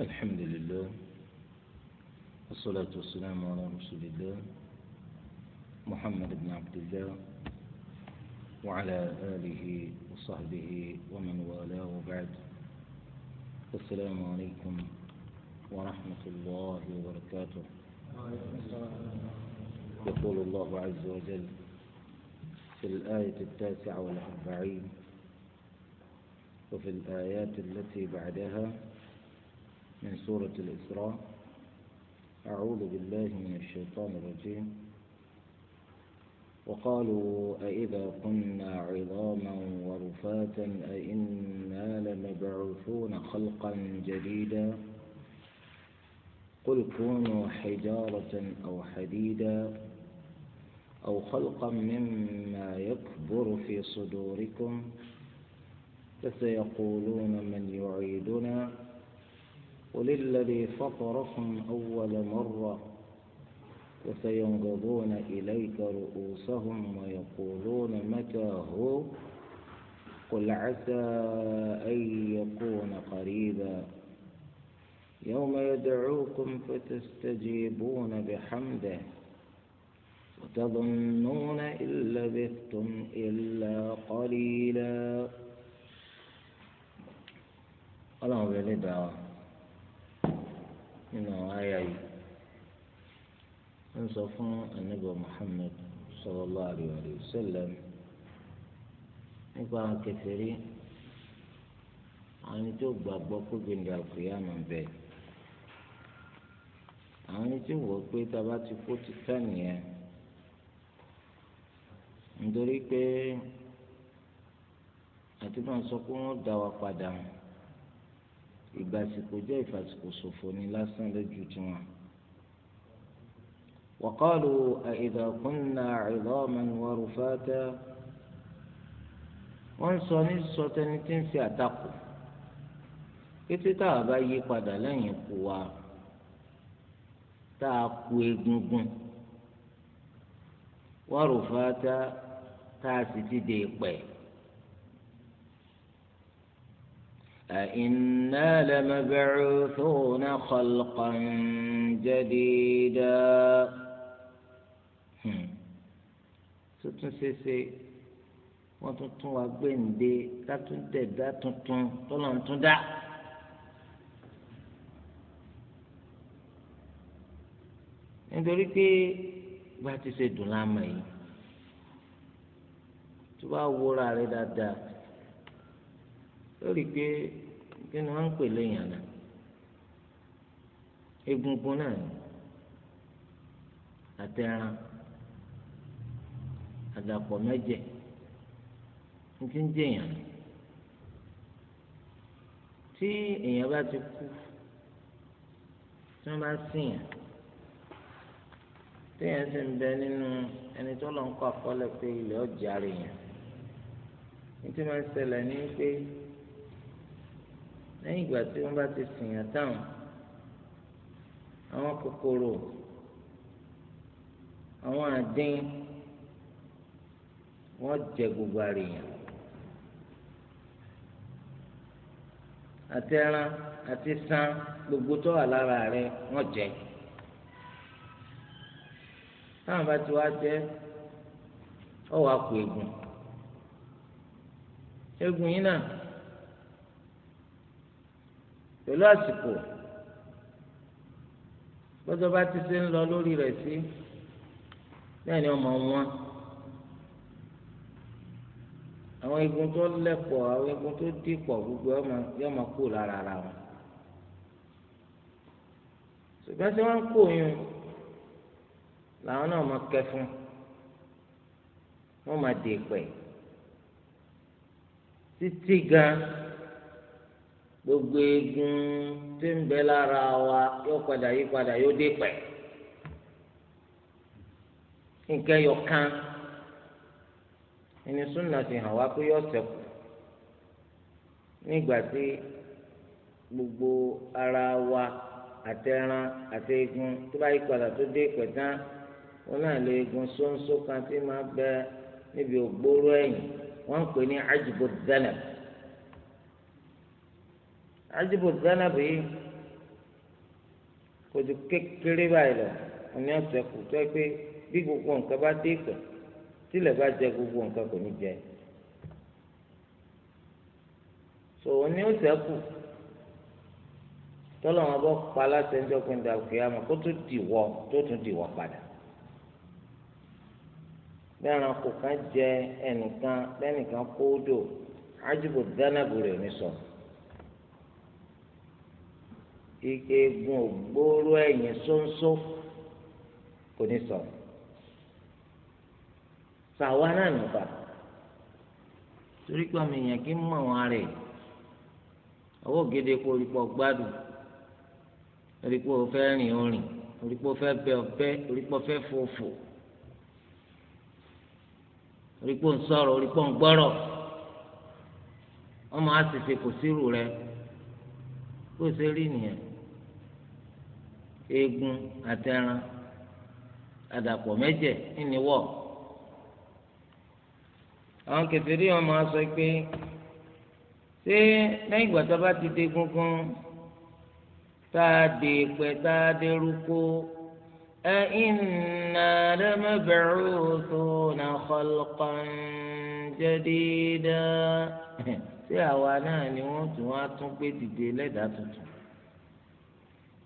الحمد لله والصلاة والسلام على رسول الله محمد بن عبد الله وعلى آله وصحبه ومن والاه وبعد السلام عليكم ورحمة الله وبركاته يقول الله عز وجل في الآية التاسعة والأربعين وفي الآيات التي بعدها من سورة الإسراء أعوذ بالله من الشيطان الرجيم وقالوا أئذا كنا عظاما ورفاتا أئنا لمبعوثون خلقا جديدا قل كونوا حجارة أو حديدا أو خلقا مما يكبر في صدوركم فسيقولون من يعيدنا قل الذي فطركم أول مرة وسينقضون إليك رؤوسهم ويقولون متى هو قل عسى أن يكون قريبا يوم يدعوكم فتستجيبون بحمده وتظنون إن لبثتم إلا قليلا الله بلدعوه nínú àwọn àyà yìí ń sọ fún anábọ Muhammad mkpa alaihi wasallam nípa àwọn àwọn ẹni tó gbàgbọ́ pé gbẹ̀ngà àkùyà mà ń bẹ àwọn ẹni tó ti kó ti nìyẹn nítorí pé àti máa ìgbàsìkò jẹ́ ìfàsìkò ṣòfò ni lásán lójú tiwọn. وقالوا أإذا كنا عظاما ورفاتا wọ́n sọ ní sọtẹni tí ń ṣe àtakò kété tá a bá yí padà lẹ́yìn wa tá a ku egungun wọ́n rò taa tá a sì ti dè أئنا لمبعوثون خلقا جديدا hmm. tuntun ṣeṣe wọn tún tún wá gbẹǹde dátúndẹdá tuntun tọlọǹtúndá nítorí pé bá ti ṣe dùn láàmà yìí tó bá wúra rẹ dáadáa lórí pé kí ni wọ́n ń pè léèyàn náà egungun náà ni àtẹran àdàpọ̀ mẹ́jẹ ń ti ń jẹyàn ni tí èèyàn bá ti kú tí wọ́n bá sìnyàn téèyàn sì ń bẹ nínú ẹni tó lọ ń kọ́ àkọọ́lẹ̀ pé ilẹ̀ ọ̀jà rèèyàn ní tí wọ́n ń ṣẹlẹ̀ ní pé lẹ́yìn ìgbà tí wọ́n bá ti sìnyàn táwọn àwọn kòkòrò àwọn àdín wọ́n jẹ gbogbo àríyàn àti ẹran àti san gbogbo tó wà lára rẹ̀ wọ́n jẹ táwọn bá ti wá jẹ ọwọ́ àpò egun egun yìí náà pẹ̀lú àsìkò lọ́jọ́ bá ti ṣe ń lọ lórí rẹ̀ sí bẹ́ẹ̀ ni ọmọ wọn àwọn igun tó lẹ̀pọ̀ àwọn igun tó dìpọ̀ gbogbo yóò máa kú lára ara wọn ṣùgbọ́n tí wọ́n ń kó yun làwọn náà máa kẹfún wọ́n máa dè pẹ̀ títí gan-an. gbogbo eegun tí ń bẹ lára wa yóò padà yí padà yóò dé pẹ̀ nǹkan ẹyọ kan ẹni súnà ti hàn wá pé yóò ṣẹ́kù nígbà tí gbogbo ara wa àtẹran àti eegun tó bá yí padà tó dé pẹ̀ tán wọn náà lè eegun ṣóńṣó kan tí máa bẹ níbi ògbóró ẹ̀yìn wọn ń pè ní àjùbọ̀ dẹ́nẹ̀bù. ajibu zanabi kò ju kékeré báyìí lọ òní ọ̀sẹ̀ kù tó ẹ pé bí gbogbo nǹkan bá dé ìpè tílẹ̀ bá jẹ gbogbo nǹkan kò ní jẹ so òní ọ̀sẹ̀ kù tọ́lọ̀ wọn bọ́ pa aláṣẹ ń jọ́pin dàgbé àmọ́ kó tó dìwọ́ tó tún dìwọ́ padà bẹ́ẹ̀ràn kò kàn jẹ ẹnìkan lẹ́nìkan kó dò ajibu zanabi rẹ̀ ní sọ̀rọ̀ ike egun ògbóró ẹ̀yìn ṣóńṣó kò ní sọ sàwa náà nìkan torí pé ọmọ èèyàn kì í mọ àwọn arẹ owó gèdè kó orí pọ gbádùn orí pọ fẹ́ rìn orin orí pọ fẹ́ bẹ ọbẹ orí pọ fẹ́ fòfò orí pọ ń sọ̀rọ̀ pọ ń ọmọ àṣìṣe kò sírù rẹ kó o rí nìyẹn eegun àtẹran àdàpọ̀ mẹ́jẹ̀ ìníwọ̀ àwọn kẹfìrí wọn máa sọ pé ṣé lẹ́yìn ìgbà tó bá ti dé gúngún tá a dé pẹ́ tá a dé rúkó ẹ ìnà lẹ́mẹ̀bẹ̀rù tó nà khalqan jadida ṣé àwa náà ni wọ́n tún wá tún gbé dìde lẹ́dàá tuntun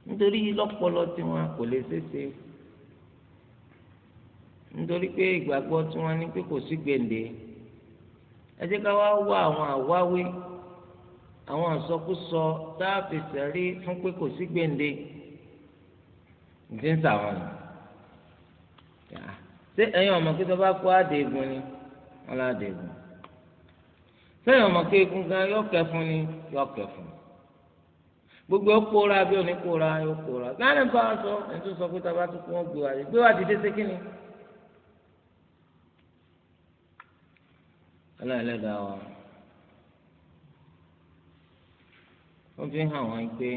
nítorí lọ́pọlọ tiwọn kò lè ṣeéṣe nítorí pé ìgbàgbọ́ tiwọn ni pé kò sí gbèǹde ẹ jẹ́ ká wá wá àwọn àwáwí àwọn àsọkúsọ tá a fi sẹ́rí fún pé kò sí gbèǹde ìdí ń sàwọn ni ṣé ẹ̀yin ọmọ kí tó bá kó àdéhùn ni wọn lá àdéhùn ṣé ẹ̀yin ọmọ kí egun gan yọ kẹfun ni yọ kẹfun gbogbo ọkpọra bí oníkpọra yóò kpọra gánà ń bá wọn sọ ẹtú sọ pé tàbá tó kún ọgbẹ wa yìí gbé wa dìde sí kínní. ọlọ́ọ̀lẹ́dàá wa wọ́n fi hàn wọ́n pé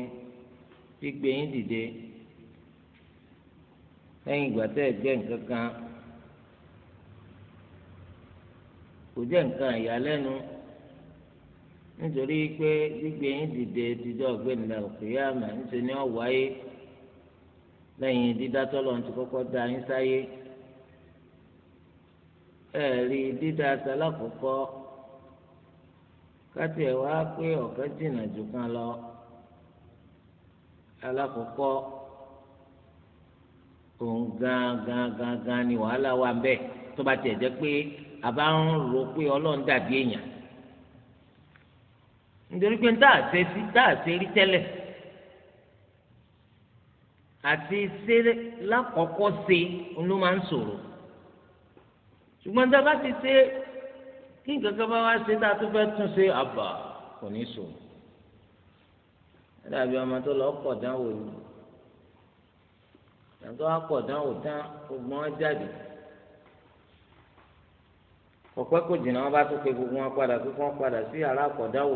gbígbé yín dìde lẹ́yìn ìgbà tẹ́ ẹ gbẹ́ nǹkan kan kò jẹ́ nǹkan ìyàlẹ́nu nítorí pé gbígbé yín dìde dídọ́ ọ̀gbẹ́nilẹ̀ òkèèyàmà ńṣe ni ọ̀ wáyé lẹ́yìn dídá tọ́lọ̀ ti kọ́kọ́ da yín sáyé ẹ̀rí dídá sálákọ̀ọ́kọ́ kátì ẹ̀ wá pé ọ̀kẹ́ jìnnà jù kan lọ alákọ̀ọ́kọ́ òun gan gan gan gan ni wàhálà wà ń bẹ tó bá tiẹ̀ jẹ́ pé a bá ń rò pé ọlọ́run dàbí èèyàn nítorí pé tá a ṣe sí tá a ṣe rí tẹ́lẹ̀ àti ṣe lákọ̀ọ́kọ́ ṣe ló máa ń ṣòro ṣùgbọ́n tá a bá ti ṣe kí nǹkan kan bá wá ṣe tá a tún fẹ́ tún ṣe àbà kò ní ṣòro ẹ dàbí ọmọ tó lọ pọ̀ dánwò ni ìyàtọ̀ wá pọ̀ dánwò tán gbogbo jáde ọ̀pẹ́ kò jìnnà wọn bá tún pe gbogbo wọn padà pé kí padà sí yàrá àkọ́dáwò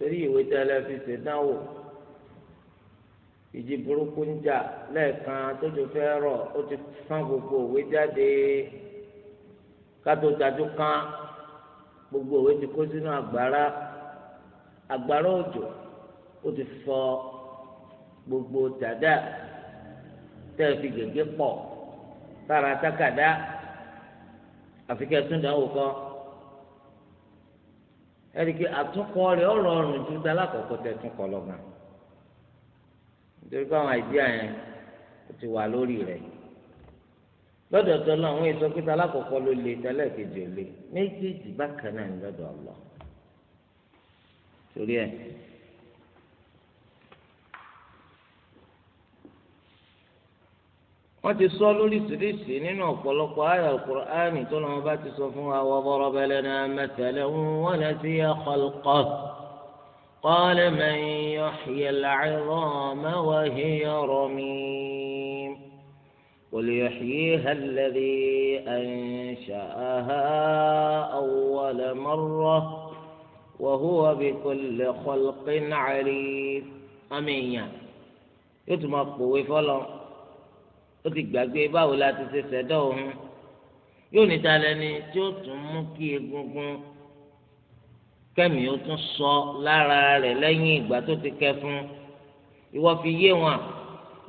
torí ìwé tí alẹ́ fi ṣèdánwò ìjì burúkú ń jà lẹ́ẹ̀kan tójú fẹ́ rọ̀ ó ti fán gbogbo òwe jáde kátó tajú kán gbogbo òwe ti kó sínú àgbàrá àgbàrá òjò ó ti fọ gbogbo dàdà tẹ́ fi gègé pọ̀ tára tákàdá àfikẹ́ tún dánwò kan. ẹ̀ríkì àtúnkọ rẹ̀ ọ̀rọ̀ ọ̀rùn ju dalákọ̀ọ́kọ́ tẹ̀ tún dị nítorí pé àìdíà yẹn ti wà lórí rẹ̀ lọ́dọ̀ tó lọ àwọn èso pé ló le tẹ́lẹ̀kejì ò le méjèèjì bákan náà lọ́dọ̀ ọ̀lọ́ torí wọ́n ti sọ lóríṣiríṣi nínú ọ̀pọ̀lọpọ̀ àyà alukur'ani tó náà bá ti sọ fún wa wa daraba lana mathalan wa nasiya lè qala yẹ yuhyi al-'idhama wa hiya ramim qul yuhyiha alladhi ansha'aha awwala marrah wa huwa bikulli khalqin 'alim àmì ìyàn yóò tún máa pòwe fọlọ́n. ó ti gbàgbé báwo la ti ṣe ṣẹ̀dá òun yóò níta lẹni tí ó tún mú kí egungun kẹ́mi ó tún sọ lára rẹ̀ lẹ́yìn ìgbà tó ti kẹ́ fún ìwọ fi yé wọn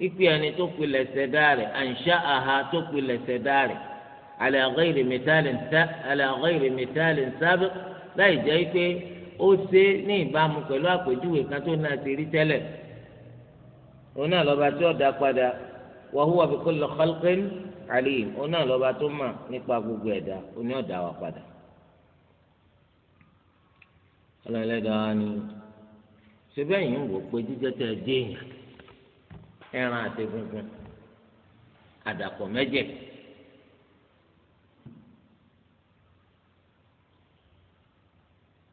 ìpè ẹni tó pilẹ̀ ṣẹ̀dá rẹ̀ àǹṣá àha tó pilẹ̀ ṣẹ̀dá rẹ̀ ala ghayri mithalin ala ghayri mithalin sabiq láì jẹ́ pé ó ṣe ní ìbámu pẹ̀lú àpèjúwe kan tó náà ti rí tẹ́lẹ̀ òun náà lọ́ba tí ó dá padà wa huwa bi kulli khalqin alim ọ̀nà lọ́ba tó mà nípa gbogbo ẹ̀dá oní ọ̀dà wa padà. ọlọ́lẹ́dàá ni ṣebí ẹ̀yin ń wò pé jíjẹ́ tẹ ẹ ẹran àti egungun àdàpọ̀ mẹ́jẹ̀.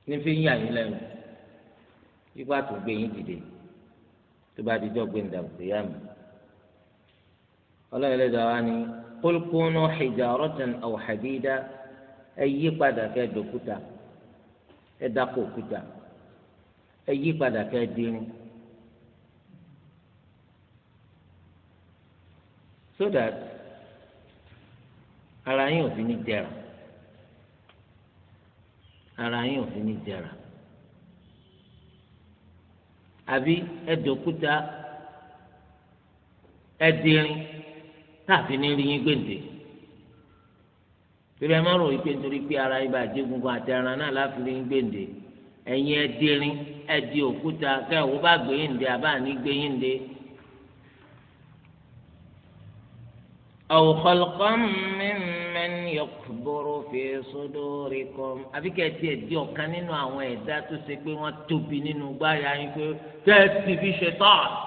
nífi ń yà yín lẹ́nu nígbà tó gbé yín dìde tó bá dijọ́ gbé ń dàgbé yá mi ọlọ́run ẹlẹ́dàá wa ni qul kunu hijaratan aw hadida ẹ yí padà kẹ́ dòkúta ẹ dákò òkúta ẹ yí padà kẹ́ dínú. so that ara yín ò fi ní jẹrà ara yín ò fi ní jẹrà àbí ẹ dòkúta táàfin ní rí yín gbèǹde torí ẹ má rò wípé nítorí pé ara ibà jẹgungun àti ara náà láfi rí yín gbèǹde ẹ̀yin ẹdínrín ẹdí òkúta kẹwò bá gbé yín dé àbá ní gbé yín dé. àwòkọ́lùkọ́m mímẹ́n yọkùbọ̀rọ̀ fi sódóore kọ́ àbí kẹ́ẹ̀tì ẹ̀dí ọ̀kan nínú àwọn ẹ̀dá tó ṣe pé wọ́n tóbi nínú gbáyà yín pé kẹ́ẹ̀tì fi ṣe tọ́ọ̀tì.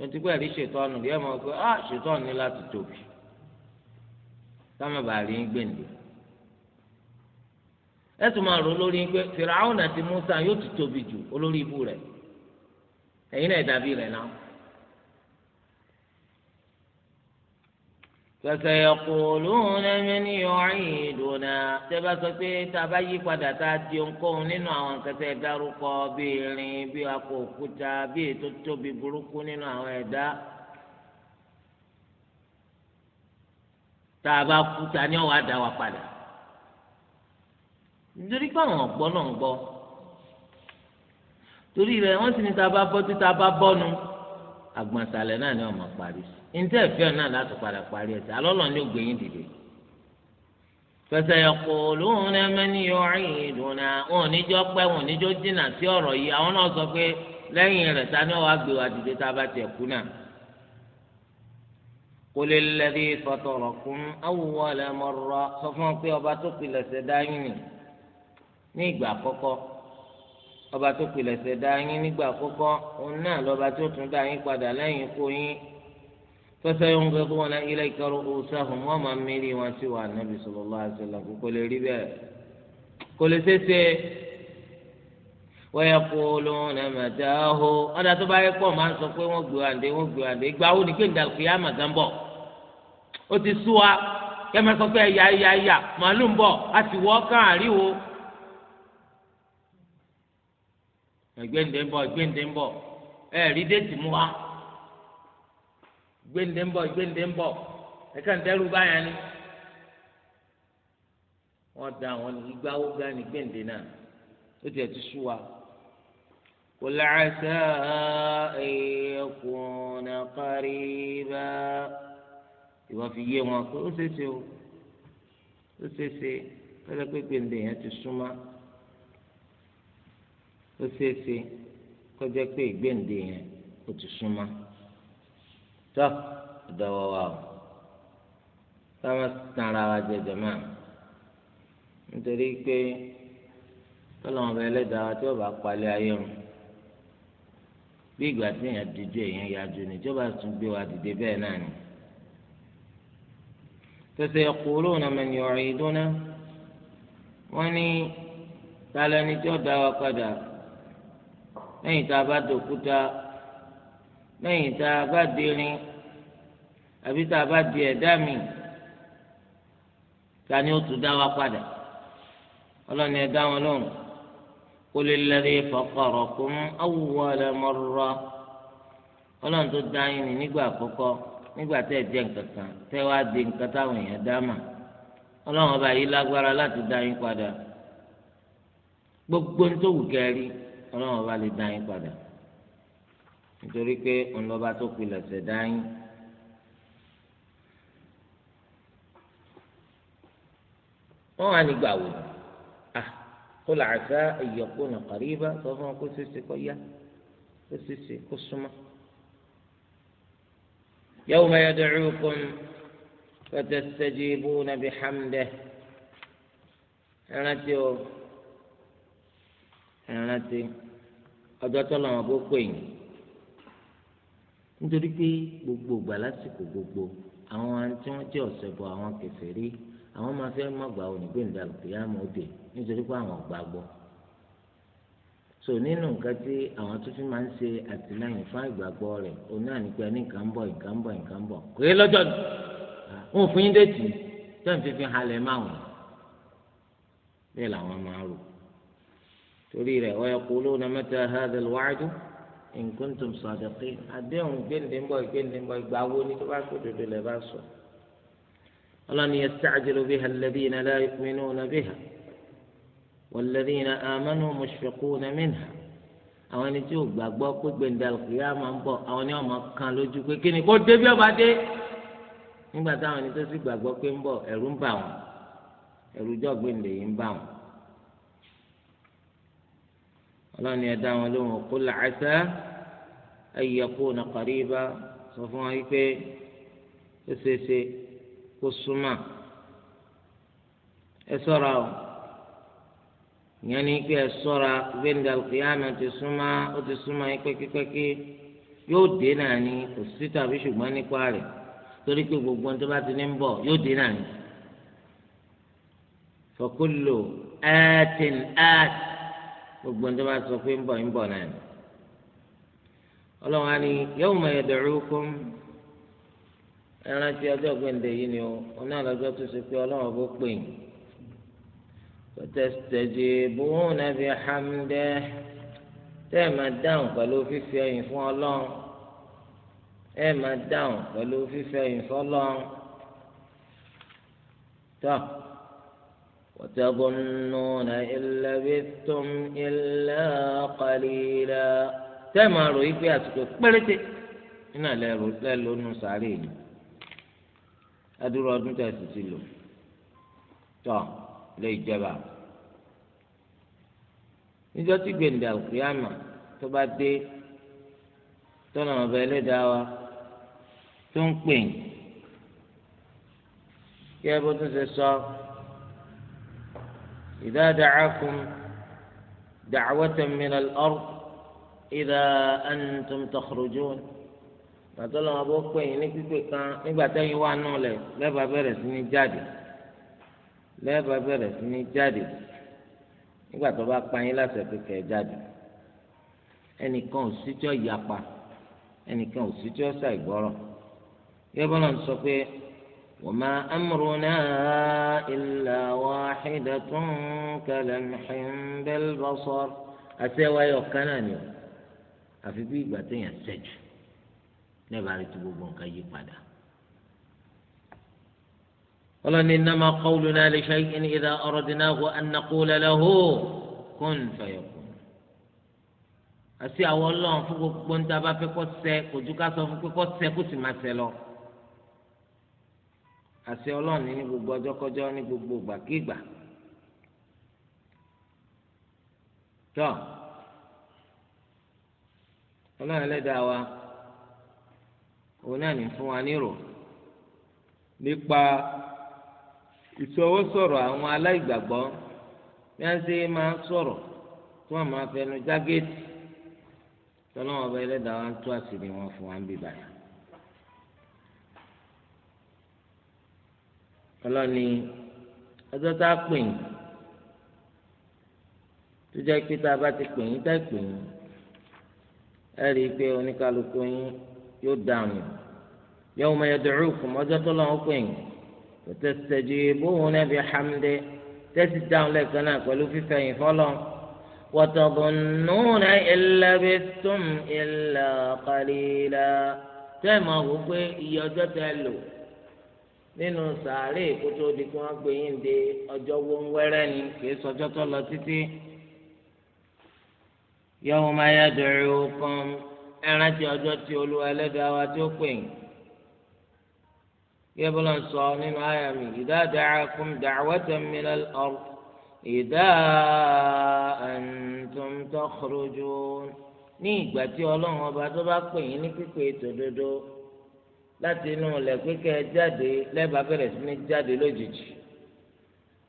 lọ́tí pé ẹ̀rí ṣètò ọ̀nà rí ẹ̀ mọ̀ pé ah ṣètò ọ̀nà láti tóbi táwọn bàrí ń gbèǹde ẹ tún máa rò lórí pé Fìràwọn àti Musa yóò ti tóbi jù olórí ibu rẹ̀ ẹ̀yin náà dàbí rẹ̀ náà. فسيقولون من يعيدنا tẹ́bá sọ pé tá a bá yí padà tá a di ohunkóhun nínú àwọn nǹkan tẹ́ ẹ dárúkọ bí irin bí akọ òkúta bí ètò tóbi burúkú nínú àwọn ẹ̀dá tá a bá kú ta ni ọ̀wá dá wa padà nítorí pé àwọn ọ̀gbọ́n náà ń gbọ́ torí rẹ̀ wọ́n sì ní tá a bá bọ́ tí tá a bá bọ́nu àgbọ̀nsalẹ̀ náà ni wọ́n máa parí sí. níta ẹ̀fẹ́ náà láti padà parí ẹ̀sẹ̀ alọ́lọ́ ni ó gbé yín dìde. فسيقولون niyo يعيدنا wọn níjọ́ pẹ́ wọn níjọ́ dínà sí ọ̀rọ̀ yìí àwọn náà sọ pé lẹ́yìn rẹ̀ ta ni wàá gbé wa dìde tá a bá tiẹ̀ kú náà. قل الذي فطركم أول مرة sọ ọba tó pilẹ̀sẹ̀ ni ní ìgbà àkọ́kọ́ ọba tó pilẹ̀sẹ̀ padà lẹ́yìn kó yín. فسينفضون إليك رؤوسهم ومن مني وسوى النبي صلى الله عليه وسلم كل ربا كل سيسي ويقولون متاه أنا تبا يقوم عن سقوي وقواندي وقواندي إقبعوني كن دال وتسوى كما يا يا يا معلوم بو كان ń bọ̀ ń bọ̀ mú wa. ìgbéǹde ń bọ̀ ìgbéǹde ń bọ̀ ẹ̀ka ń dẹ́rù báyà ni wọ́n da àwọn ìgbà wo gan ni ìgbéǹde náà ó tiẹ̀ ti sú wa. قل عسى أن يكون قريبا ìwà fi yé wọn pé ṣeéṣe o ó ṣeéṣe lọ́dọ̀ pé gbèǹde yẹn ti súnmọ́ ó ṣeéṣe kọjá pé gbèǹde yẹn ó ti súnmọ́ tó ìdọ̀wọ́ wa o sábà tán ara wa jẹ jọ̀mọ́ nítorí pé tọ́lọ́mọ bẹ ẹlẹ́dàá tí ó bá palẹ̀ ayé rùn bí ìgbà tí èèyàn dijú èèyàn yájú ni tí ó bá tún gbé wa dìde bẹ́ẹ̀ náà ni. فسيقولون من يعيدنا وني tálẹ́ni tí ó dá wa padà lẹ́yìn tá a bá dòkúta lẹ́yìn tá a bá dirin àbí tá a bá di ẹ̀dá mi ta ni ó tún dá wa padà ọlọ́ni ẹ̀dá wọn lóhùn qul alladhi faqqarakum awwala marra ọlọ́run tó dá yín nígbà àkọ́kọ́ nígbà tẹ́ ẹ̀ jẹ́ nǹkan kan tẹ́ wá di nǹkan táwọn èèyàn dá mà ọlọ́run gbogbo kẹ́rí ọlọ́run ọba nítorí pé ńlọba tó pilẹ̀ ṣẹ̀dá yín. wọ́n wà nígbà wò kó làásà ìyọ̀pọ̀ nà kàríba sọ fún wọn kó ṣeéṣe kó yá kó ṣeéṣe kó súnmọ́. يوم يدعوكم فتستجيبون بحمده ẹrántí o ẹrántí ọjọ́ tó lọ́wọ́ bó pè yín nítorí pé gbogbo ìgbà lásìkò gbogbo àwọn tí wọ́n jẹ́ ọ̀sẹ̀ bọ̀ àwọn kèfèrí àwọn máa fẹ́ mọ̀gbà onígbèǹda kìyàmù òde nítorí pé àwọn ọ̀gbà gbọ́ so nínú nǹkan tí àwọn tó fi máa ń ṣe àtìlẹ́yìn fún ìgbàgbọ́ rẹ̀ òun náà ní nǹkan ń nǹkan ń nǹkan ń bọ̀ lọ́jọ́ ni wọn ò fún yín déètì tẹ́ǹ fífi halẹ̀ máa wọ̀n bẹ́ẹ̀ làwọn máa rò torí rẹ̀ ọ̀yọ̀kọ̀ olóhùn náà mẹ́ta nkuntum sọdọkì àdéhùn gbẹndínbọ gbẹndínbọ ìgbà wo ni tó bá kó dodo lẹ bá sọ ọlọ́ni yasta'jilu biha alladhina la yu'minuna biha walladhina amanu àwọn ẹni tí ò gbàgbọ́ pé máa ń bọ̀ àwọn ni wọ́n kan lójú pé ọba dé nígbà táwọn ẹni tó sì gbàgbọ́ pé ń bọ̀ ń bà wọ́n jọ́ yìí ń bà wọ́n. ọlọ́run ni ẹ dá wọn lóhùn kó làásà ẹ̀yẹ̀kú nà kàríba sọ fún wa wípé ó ṣeéṣe kó súnmọ́ ẹ sọ́ra o ìyẹn ni pé ẹ sọ́ra ti súnmọ́ ó ti yín pẹ́kípẹ́kí yóò dé náà ni kò sí tàbí ṣùgbọ́n nípa rẹ̀ torí gbogbo ohun tó bá ti ní ń bọ̀ yóò ni. gbogbo ní bá sọ pé ń bọ̀ ń bọ̀ náà ni ọlọ́run á ní yawma yad'ukum ẹran tí ọjọ́ gbẹ̀ǹdẹ̀ yìí ni o ọ̀nà àlọ́jọ́ tó ṣe pé ọlọ́run bó pè yín fatastajibuna bihamdihi tẹ́ ẹ̀ máa dáhùn pẹ̀lú fífi ẹ̀yìn fún ọlọ́run ẹ̀ máa dáhùn pẹ̀lú fífi ẹ̀yìn fún ọlọ́run tọ́. وتظنون إن لبثتم إلا قليلا tẹ́ẹ̀mà rò yí pé àsìkò péréte nínú àlẹ́ lẹ́lò nù sàárè yìí adúrò ọdún tẹ̀ sì ti lò tọ́ lé ìjọba níjọ́ tí gbèǹdà òkúyàmà tó bá dé tọ́nà ọ̀bẹ ẹlẹ́dàá wa tó ń pè yí ẹ bó tún ṣe sọ. So, إذا دعاكم دعوة من الأرض إذا أنتم تخرجون pàtọ́lọ́ wọn bó pè yín ní pípé kan nígbà tẹ́yìn wà nù lẹ̀ lẹ́ẹ̀bà bẹ̀rẹ̀ sí ní jáde lẹ́ẹ̀bà bẹ̀rẹ̀ sí ní jáde nígbà tó bá pa yín láṣẹ pé kẹ́ ẹ jáde ẹnìkan ò síjọ́ yapa ẹnìkan ò síjọ́ ṣàìgbọ́rọ̀ yẹ́bọ́n náà sọ pé وما أمرنا إلا واحدة كلمح بالبصر أسوى يوكناني àfi bí ìgbà téèyàn ṣẹ́jú lẹ́bàá rí ti gbogbo nǹkan yí padà. ọlọ́ni innama qawluna li shay'in idha aradnahu an naqula lahu kun fayakun. àti àwọn ọlọ́run fún gbogbo ń ta bá fẹ́ kọ́ ṣẹ kò ju ká sọ fún pé kọ́ ṣẹ kó sì máa ṣẹ lọ àṣẹ ọlọ́ọ̀ni ní gbogbo ọjọ́kọjọ́ ní gbogbo ìgbàkígbà tọ́ ọlọ́run ẹlẹ́dàá wa òun náà ní fún wa nírò nípa ìṣọwọ́sọ̀rọ̀ àwọn aláìgbàgbọ́ bí wọ́n ṣe máa ń sọ̀rọ̀ tí wọ́n máa fẹnu jágéètì tọ́lọ́wọ́n ọba ẹlẹ́dàá wa ń tú àṣírí wọn fún wa ń bíbáyà. ọlọ́ni ọjọ́ tá a pè yín tó jẹ́ pé tá a bá ti pè yín tá a pè yín ẹ rí i pé oníkálukú yín yóò dààmú yawma yad'ukum ọjọ́ tó lọ́wọ́ pè yín tastajibuna bihamdi tẹ́sí dáhùn lẹ́ẹ̀kan náà pẹ̀lú fífẹ́ yín fọ́lọ́ wa tadhunnuna illa bistum illa qalila wò pé iye tẹ́ lò nínú sàárè kó tó di kí wọ́n gbé yín de ọjọ́ wọ́nwẹ́rẹ́ ni kìí sọjọ́ tó lọ títí. yawma yad'ukum ẹ rántí ọjọ́ tí Olúwa ẹlẹ́dàá wa tó pè yín. قبل أن صانم آيامي إذا دعاكم دعوة من الأرض إذا أنتم تخرجون ní ìgbà tí ọlọ́run ọba tó bá pè yín ní pípé tòdodo láti inú ilẹ̀ pípẹ́ jáde lẹ́bàá bẹ̀rẹ̀ sí ní jáde lójijì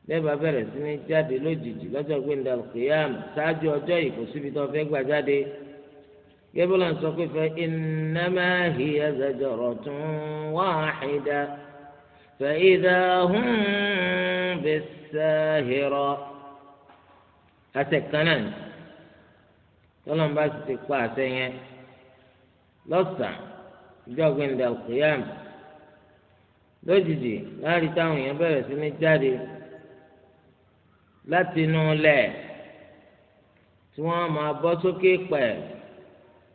lẹ́bàá bẹ̀rẹ̀ sí ní jáde lójijì lọ́jọ́ gbẹ̀ndà kìyàm ṣáájú ọjọ́ yìí kò síbi tó fẹ́ gbà jáde gẹ́bùlà ń sọ pé fẹ́ innama hiya zajratun wahida fa idha hum àṣẹ kan náà tọ́lọ́mbà sì ti pa àṣẹ yẹn lọ́sàn ìjọ gbẹ̀ndẹ̀ alqiyam lójijì láàrin táwọn èèyàn bẹ̀rẹ̀ sí ní jáde láti inú lẹ̀ tí wọ́n máa bọ́ sókè pẹ̀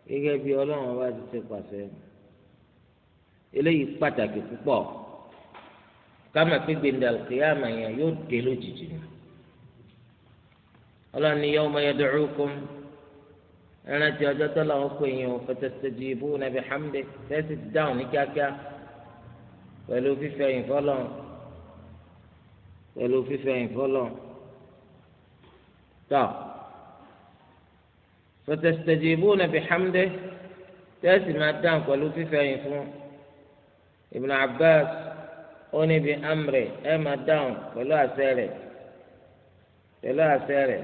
gẹ́gẹ́ bí ọlọ́run bá ti ṣe pàṣẹ eléyìí pàtàkì púpọ̀ kama pé gbendal kiyama yẹn yóò dé lójijì ni ọlọ́ni yawma yad'ukum ẹrántí ọjọ́ tó làwọn pè yín o fẹtẹsẹtẹjì ibú nàbí hamdi tẹsí dáhùn ní kíákíá pẹ̀lú fífẹ́ yín fọlọ pẹ̀lú fífẹ́ yín fọlọ tọ fẹtẹsẹtẹjì ibú nàbí hamdi tẹsí máa dáhùn pẹ̀lú fífẹ́ yín fún Ibn Abbas ó níbi ẹ máa dáhùn pẹ̀lú àṣẹ rẹ̀ pẹ̀lú àṣẹ rẹ̀.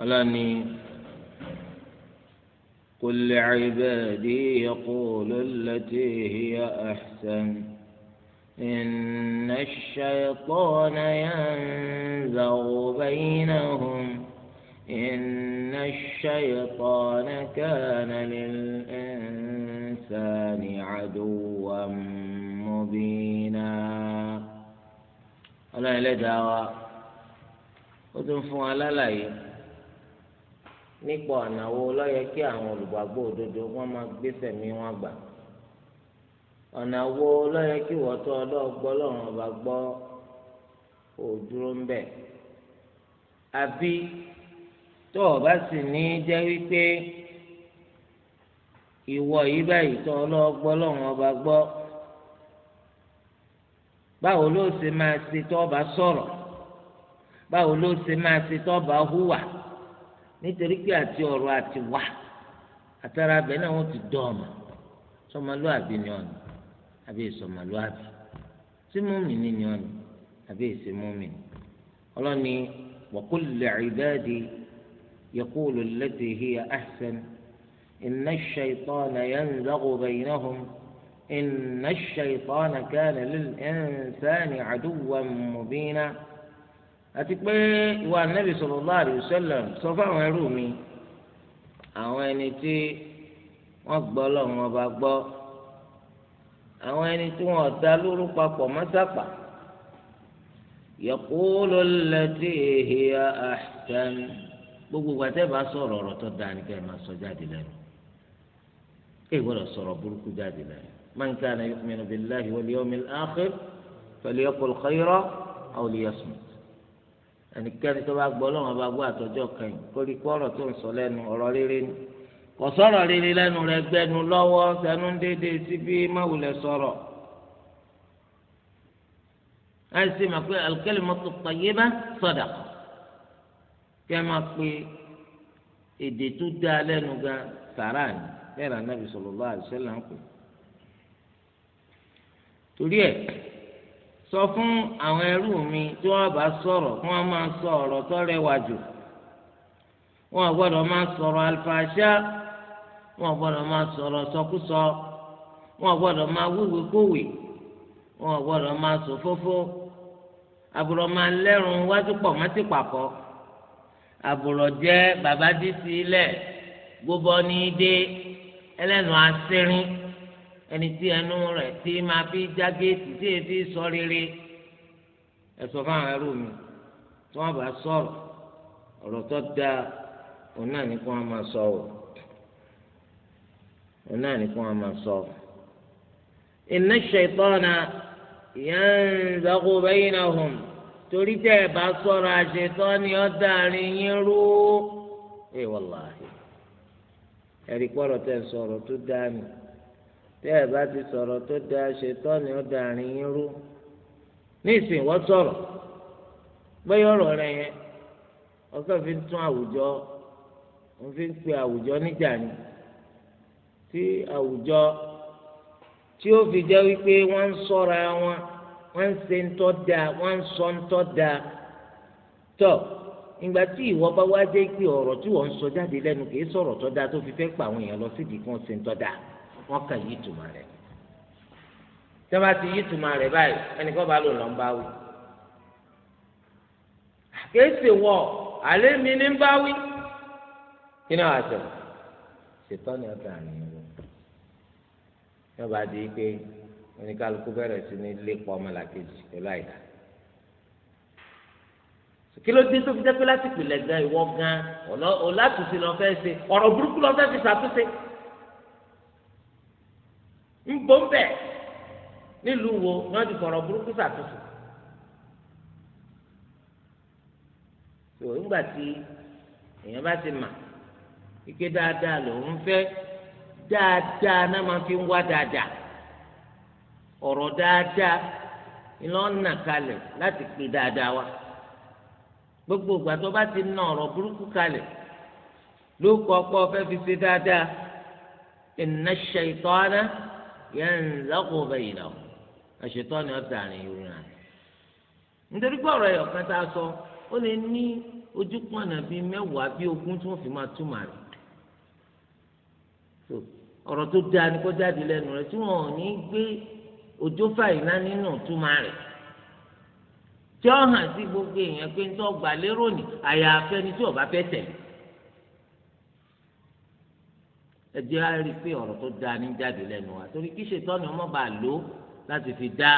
الاني قل لعبادي يقولوا التي هي أحسن إن الشيطان ينزغ بينهم إن الشيطان كان للإنسان عدوا مبينا ọlọ́run ẹlẹ́dàá ودفوا على tún nípa ọ̀nà wo ló yẹ kí àwọn olùgbàgbọ́ òdodo wọn máa gbé fẹ̀mí wọn gbà ọ̀nà wo ló yẹ kí wọ́tọ́ ọlọ́gbọ́ lọ́rùn ọba gbọ́ òdúró ń àbí tó o bá sì ní jẹ́ wípé ìwọ yìí báyìí tó ọlọ́gbọ́ lọ́rùn ọba gbọ́ báwo ló ṣe máa ṣe tó o bá sọ̀rọ̀ báwo ló ṣe máa ṣe tó o bá hùwà. nítorí pé àti ọ̀rọ̀ àti wá àtàrà abẹ náà wọ́n ti dọ́ ọmọ sọmọlúàbí ni ọ̀nà àbí ìsọmọlúàbí tí mọ́mìnì ni ọ̀nà àbí ìsè mọ́mìnì ọlọ́ni ẹ̀sẹ̀m iná وقل náà يقول التي هي أحسن إن الشيطان ينزغ بينهم إن الشيطان كان للإنسان عدوا مبينا àti pé ìwà nẹ́bí sallallahu alaihi wasallam sọ fáwọn ẹrú mi àwọn ẹni tí wọ́n gbọ́ lọ́wọ́ wọn bá gbọ́ àwọn ẹni tí wọ́n dá lóru papọ̀ mọ́sápà yaqulu allati hiya ahsan gbogbo gbàtẹ́ bá sọ̀rọ̀ ọ̀rọ̀ tó dáa ní ká ẹ máa sọ jáde lẹ́nu ẹ gbọ́dọ̀ sọ̀rọ̀ burúkú jáde lẹ́nu man kana yu'minu billahi wal yawmil akhir falyaqul khayran aw liyasmut ẹnikẹ́ni tó bá gbọ́ lọ́wọ́n bá gbọ́ àtọ́jọ́ kan kórí kó ọ̀rọ̀ tó ń sọ lẹ́nu ọ̀rọ̀ rere ni kò sọ̀rọ̀ rere lẹ́nu rẹ gbẹnu lọ́wọ́ sẹ́nu déédéé síbi máwùlẹ̀ sọ̀rọ̀ àìsí ma pé al-kalimatu at-tayyiba sadaqa kí ẹ máa pe èdè tó dá lẹ́nu gan sàrà ni bẹ́ẹ̀ ni Ànábì sallallahu alaihi wasallam ń torí ẹ̀ sọ fún àwọn ẹrú mi tí wọ́n bá sọ̀rọ̀ kí wọ́n máa sọ ọ̀rọ̀ tó rẹwà jù wọ́n gbọ́dọ̀ máa sọ̀rọ̀ àlùfàṣà wọ́n gbọ́dọ̀ máa sọ̀rọ̀ sọkúsọ wọ́n gbọ́dọ̀ máa wíwèé kówèé wọ́n gbọ́dọ̀ máa sòfófó àbùrọ̀ máa lẹ́rùn wájú pọ̀ mọ́tì pàkọ́ àbùrọ̀ jẹ́ bàbá dí sí gbogbo ní í dé ẹlẹ́nu asẹ́rin ẹni tí ẹnu rẹ̀ tí máa fi já géètì tí èfi sọ rere ẹ sọ fún àwọn ẹrú mi tí wọ́n bá sọ̀rọ̀ ọ̀rọ̀ tó dáa òun náà ní kí wọ́n máa sọ ọ́ òun náà ní kí wọ́n máa sọ ọ́. inna shaytana yanzaghu baynahum torí tẹ́ ẹ bá sọ̀rọ̀ àṣetọ́ni ọ̀dàrin yín rú ẹ wàláhì ẹ̀rí pọ̀rọ̀ tẹ́ sọ̀rọ̀ tó dáa nìyí tí ẹ bá ti sọ̀rọ̀ tó da ṣètọ́ ni ó da àárín yín rú nísìnyí wọ́n sọ̀rọ̀ bóyá ọ̀rọ̀ rẹ yẹn ọkọ̀ fi tún àwùjọ ń fi pe àwùjọ níjà ni tí àwùjọ tí ó fi jẹ́ wípé wọ́n ń sọ́ra wọn wọ́n ń ṣe ń tọ́ da wọ́n ń sọ ń tọ́ da tọ́ ìgbà tí ìwọ bá wá dé pé ọ̀rọ̀ tí wọ́n ń sọ jáde lẹ́nu kì sọ̀rọ̀ tọ́ da tó fi fẹ́ pa èèyàn lọ sídìí kan ṣe ń tọ́ da wọ́n kà yí tùmọ̀ rẹ̀ tẹ́wọ́n ti yí tùmọ̀ rẹ̀ báyìí ẹnìkan bá lò lọ́n bá wí. kéésì wọ alẹ́ mi ní bá wí kí náà àṣẹ ṣètọ́ ni ọ̀tá nìyẹn lọ. yọba di pé oníkálukú bẹ̀rẹ̀ sí ní lépa ọmọlàkejì pẹ̀lú àìdá kí ló dé tó fi jẹ́ pé lásìkò ilẹ̀ gan ìwọ gan ọ̀làtúnṣe lọ fẹ́ ṣe ọ̀rọ̀ burúkú lọ fi ṣàtúnṣe ń bọ́ ń bẹ̀ nílùú wo ni wọ́n ti fọ̀rọ̀ burúkú ṣàtúnṣe. tó tí èèyàn bá ti mà ike dáadáa lòun fẹ́ dáadáa náà máa fi ń wá dáadáa ọ̀rọ̀ dáadáa iná nà kalẹ̀ láti pè wa gbogbo ìgbà tó bá ti na ọ̀rọ̀ burúkú kalẹ̀ ló kọ́ fẹ́ fi ṣe dáadáa yanzaqu baynahum àṣetọ́ ni ọ̀tà ni ìrù náà nítorí pé ọ̀rọ̀ sọ ó lè ní bíi bíi ogún tí fi máa túmọ̀ tó ni kó jáde lẹ́nu rẹ̀ tí wọ́n ò ní gbé òjò fàyínà nínú túmọ̀ rẹ̀ tí hàn sí gbogbo èèyàn ni tí ẹ jẹ́ á rí i pé ọ̀rọ̀ tó dáa ní jáde lẹ́nu wa torí kí ṣètọ́ni ọmọ bá lò láti fi dá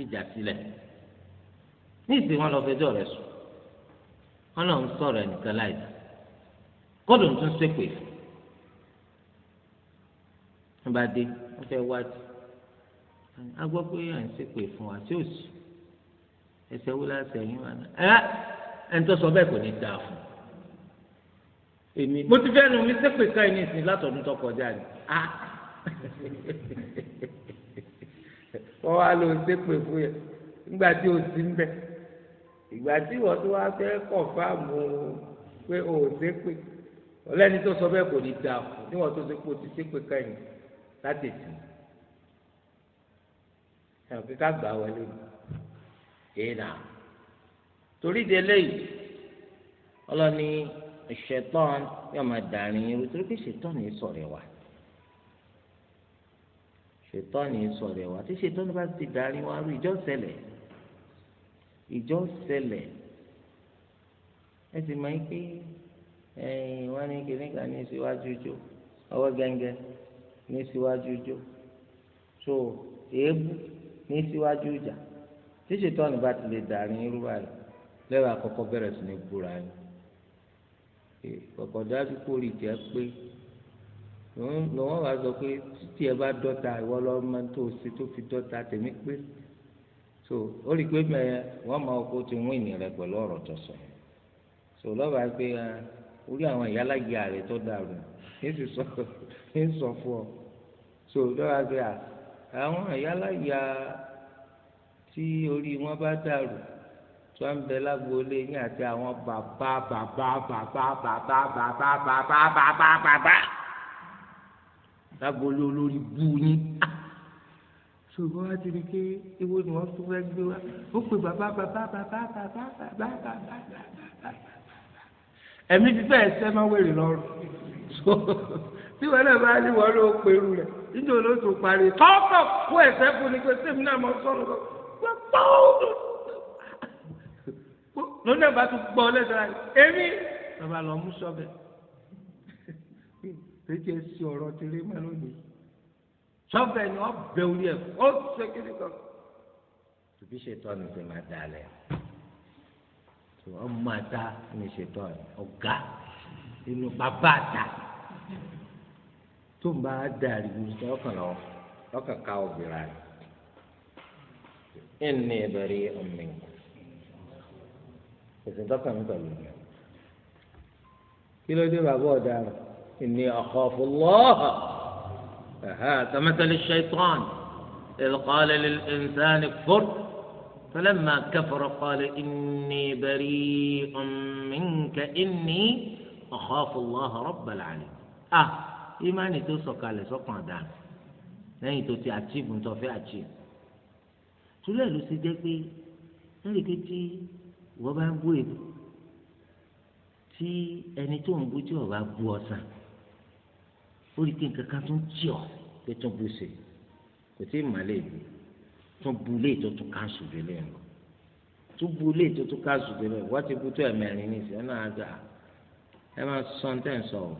ìjà sílẹ̀ ní ìsìn wọn lọ fẹjọ́ rẹ̀ sùn wọn lọ ń sọ̀rọ̀ ẹnìkan láìsí kódò ń tún ṣépè fún un bá dé wọn fẹ́ wájú a gbọ́ pé à ń ṣépè fún wa tí ò sí ẹsẹ̀ wúlá sẹ́yìn wa náà ẹ ẹ ń tọ́ sọ bẹ́ẹ̀ kò ní dáa fún un èmi mo ti fẹ́ nu mi sẹ́pẹ̀ ká ẹni ìsìn látọ̀dún tó kọjá ni a ah. wọ́n wá lọ sẹ́pẹ̀ fún yẹ nígbà tí o sì ń bẹ̀ ìgbà tí wọ́n tó wá fẹ́ kọ̀ fáàmù pé o ò sẹ́pẹ̀ ọlẹ́ni tó sọ bẹ́ẹ̀ kò ní da o níwọ̀n tó sẹ́pẹ̀ o ti sẹ́pẹ̀ ká ẹni láti sìn ẹ̀rọ kíkà gbà wọlé mi èèyàn torí ìdílé yìí ọlọ́ni ṣẹtọ́n yóò máa dàrin irú torí pé ṣẹtọ́n ní sọ̀rẹ̀ wá ṣẹtọ́n ní sọ̀rẹ̀ wá tí ṣẹtọ́n bá ti dàrin wá rú ìjọ ṣẹlẹ̀ ìjọ ṣẹlẹ̀ ẹ sì máa ń pé ẹ̀yìn wọn ní kíníkà ní síwájú jò ọwọ́ gẹ́gẹ́ ní síwájú jò so èébú ní síwájú ìjà tí ṣètọ́nù bá ti lè dàrin irú báyìí lẹ́wọ̀ àkọ́kọ́ bẹ̀rẹ̀ sí ní gbúra yín kọ̀kọ̀ dájú kó rí jẹ́ pé lọ́wọ́ wa sọ pé títí ẹ bá dọ́ta ìwọ lọ́mọ tó ṣe tó fi dọ́ta tèmi pé so ó rí i pé mẹ́ẹ̀ wọ́n máa kó ti wọ́n ìní rẹ pẹ̀lú ọ̀rọ̀ tó so lọ́ba pé ah, orí àwọn ìyálàyà rẹ tó dàrú ní sì sọ ní sọ fún ọ so lọ́ba pé ah, àwọn ìyálàyà tí orí wọn bá dàrú kan bẹ lágboolé yín àti àwọn bàbá bàbá bàbá bàbá bàbá bàbá bàbá bàbá lágboolé olórí bú yín ṣùgbọ́n wá ti di pé ewo ni wọ́n tún fẹ́ gbé ó pe bàbá bàbá bàbá bàbá bàbá bàbá ẹ̀mí ti fẹ́ ẹsẹ́ máa wèrè lọ́rùn tí wọ́n náà bá ní wọ́n ló peru rẹ̀ níjọ́ ló tún parí tọ́kọ̀ kó ẹ̀sẹ̀ fún ni pé sèmi náà mọ̀ sọ́nù kọ́ gbọ́dọ̀ lónìí àbá tún gbọ́ lẹ́sẹ̀ èmi bàbá lọ mú sọ́bẹ̀ tètè ẹsẹ ọ̀rọ̀ tẹlẹ mọ lónìí sọ́bẹ̀ ni wọ́n bẹ orí ẹ̀ ó ṣe kíni kan. tòbí ṣètò ọ̀nà ṣe máa dà lẹ̀ ọmọ ata ni ṣètò ọ̀gá inú bàbá ata tó ń bá dàrí gbèsè ọkàn lọ ọkàn ká obìnrin rẹ ẹnì ẹbẹrẹ ọmọ ẹ̀kọ́. ẹ̀sìn tọ́kàn mi pẹ̀lú mi. kí ló dé bàbá ọ̀daràn inni akhafu Allah kamathali shaytan idh qala lil insani kfur falamma kafara qala inni bari'un minka inni akhafu Allah rabbal alamin. ah ìmánì tó sọ̀kalẹ̀ sọ́kàn ọ̀daràn lẹ́yìn tó ti achieve ntọ́fẹ́ achieve. túlẹ̀ ló ti jẹ́ pé lẹ́yìn tó ti. wọ́n bá bú èbú tí ẹni tó ń bú tí ọba bú ọ sàn ó rí i pé nǹkan kan tó ń tì ọ pé tó ń bú sí kò tí ì má lè bú tó ń bú léè tó tún káńsù dé lẹ́yìn lọ tó bú léè tó tún káńsù dé wọ́n ti bú tó ẹ̀mẹ́rin ní ìsìn náà gà ẹ máa sọ ní tẹ̀ ń sọ o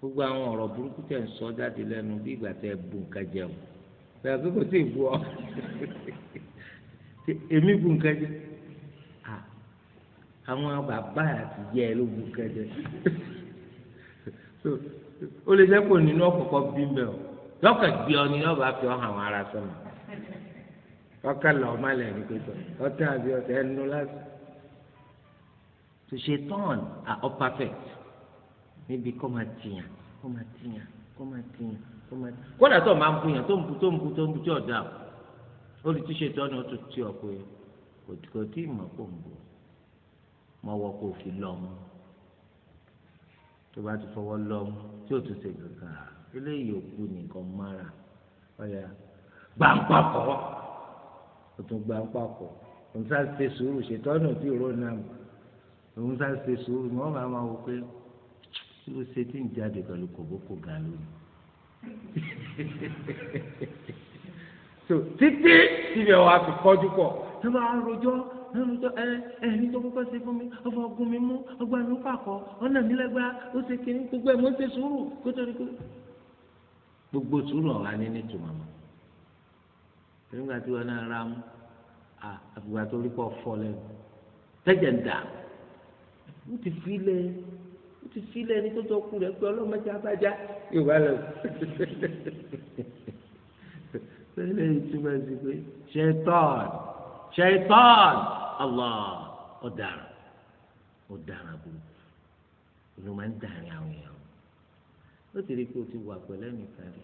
gbogbo àwọn ọ̀rọ̀ burúkú tẹ̀ ń sọ jáde lẹ́nu bí ìgbà tẹ̀ bu nǹkan jẹun bẹ́ẹ̀ kókò tí ì bu ọ èmi bu nǹkan jẹun àwọn bàbá àti yẹ ẹ lógun kẹjẹ ó lè jẹ́ kó nínú ọ̀kọ̀ọ̀kọ̀ bí mbẹ́ o lọ́kàn gbé ọ ni yọba fi ọ̀hàn àwọn ará sọ̀mọ́ ọkàn lọ ọmọ alẹ́ ní pẹ̀tọ́ ọtẹ́ àbí ọtẹ́ ẹnu láti tó ṣe tán ọ perfect níbi kọ́ máa tìyàn kọ́ máa tìyàn kọ́ máa tìyàn kọ́ máa tìyàn kódà tó máa ń bùyàn tó ń bu tó ń bu tó ń bu tí ọ̀dà ó tán ni ó tún ti ọ̀ kò tí ì mọ̀ kó ń bù mọ́ wọ́ kó fi lọ́mú tó bá ti fọwọ́ lọ́mú tí ò tún ṣe kankan à eléyìí òkú nìkan mára ọ̀yà gbàǹpàkọ́ ó tún gbàǹpàkọ́ òun sá ṣe sùúrù ṣètọ́nù tí ìró náà òun sá ṣe sùúrù ni wọ́n máa máa pé tí ó ṣe tí ń jáde pẹ̀lú kòbókò ga lónìí. so títí tí ìbẹ̀wò àfikọ́jú pọ̀ tí wọ́n á rojọ́ ẹni tó ẹni tó kọ́kọ́ ṣe fún mi ọba ọgùn mi mú ọgbà mi pàkọ́ ọ̀nà mi lẹ́gbà ó ṣe kí gbogbo ẹ̀ mọ́ ṣe sùúrù kó tó rí kó. gbogbo sùúrù ọ̀hà ni nítumọ̀ mọ́ nígbà tí wọn náà ra mú àfìgbà tó rí kọ́ fọ́ lẹ́nu tẹ́jẹ̀ ń dà ó ti fi lẹ́ ó ti fi lẹ́ ní tó tọ́ kú rẹ̀ pé ọlọ́mọdé abájá yóò wá lẹ́wọ̀ pẹ̀lú ìtumọ̀ sí pé ṣe tọ́ọ̀nù. شيطان allah ọ̀daràn ọ̀daràn burúkú ló máa ń dàrin àwọn èèyàn ó ti rí i pé o ti wà pẹ̀lú ẹnìkan rí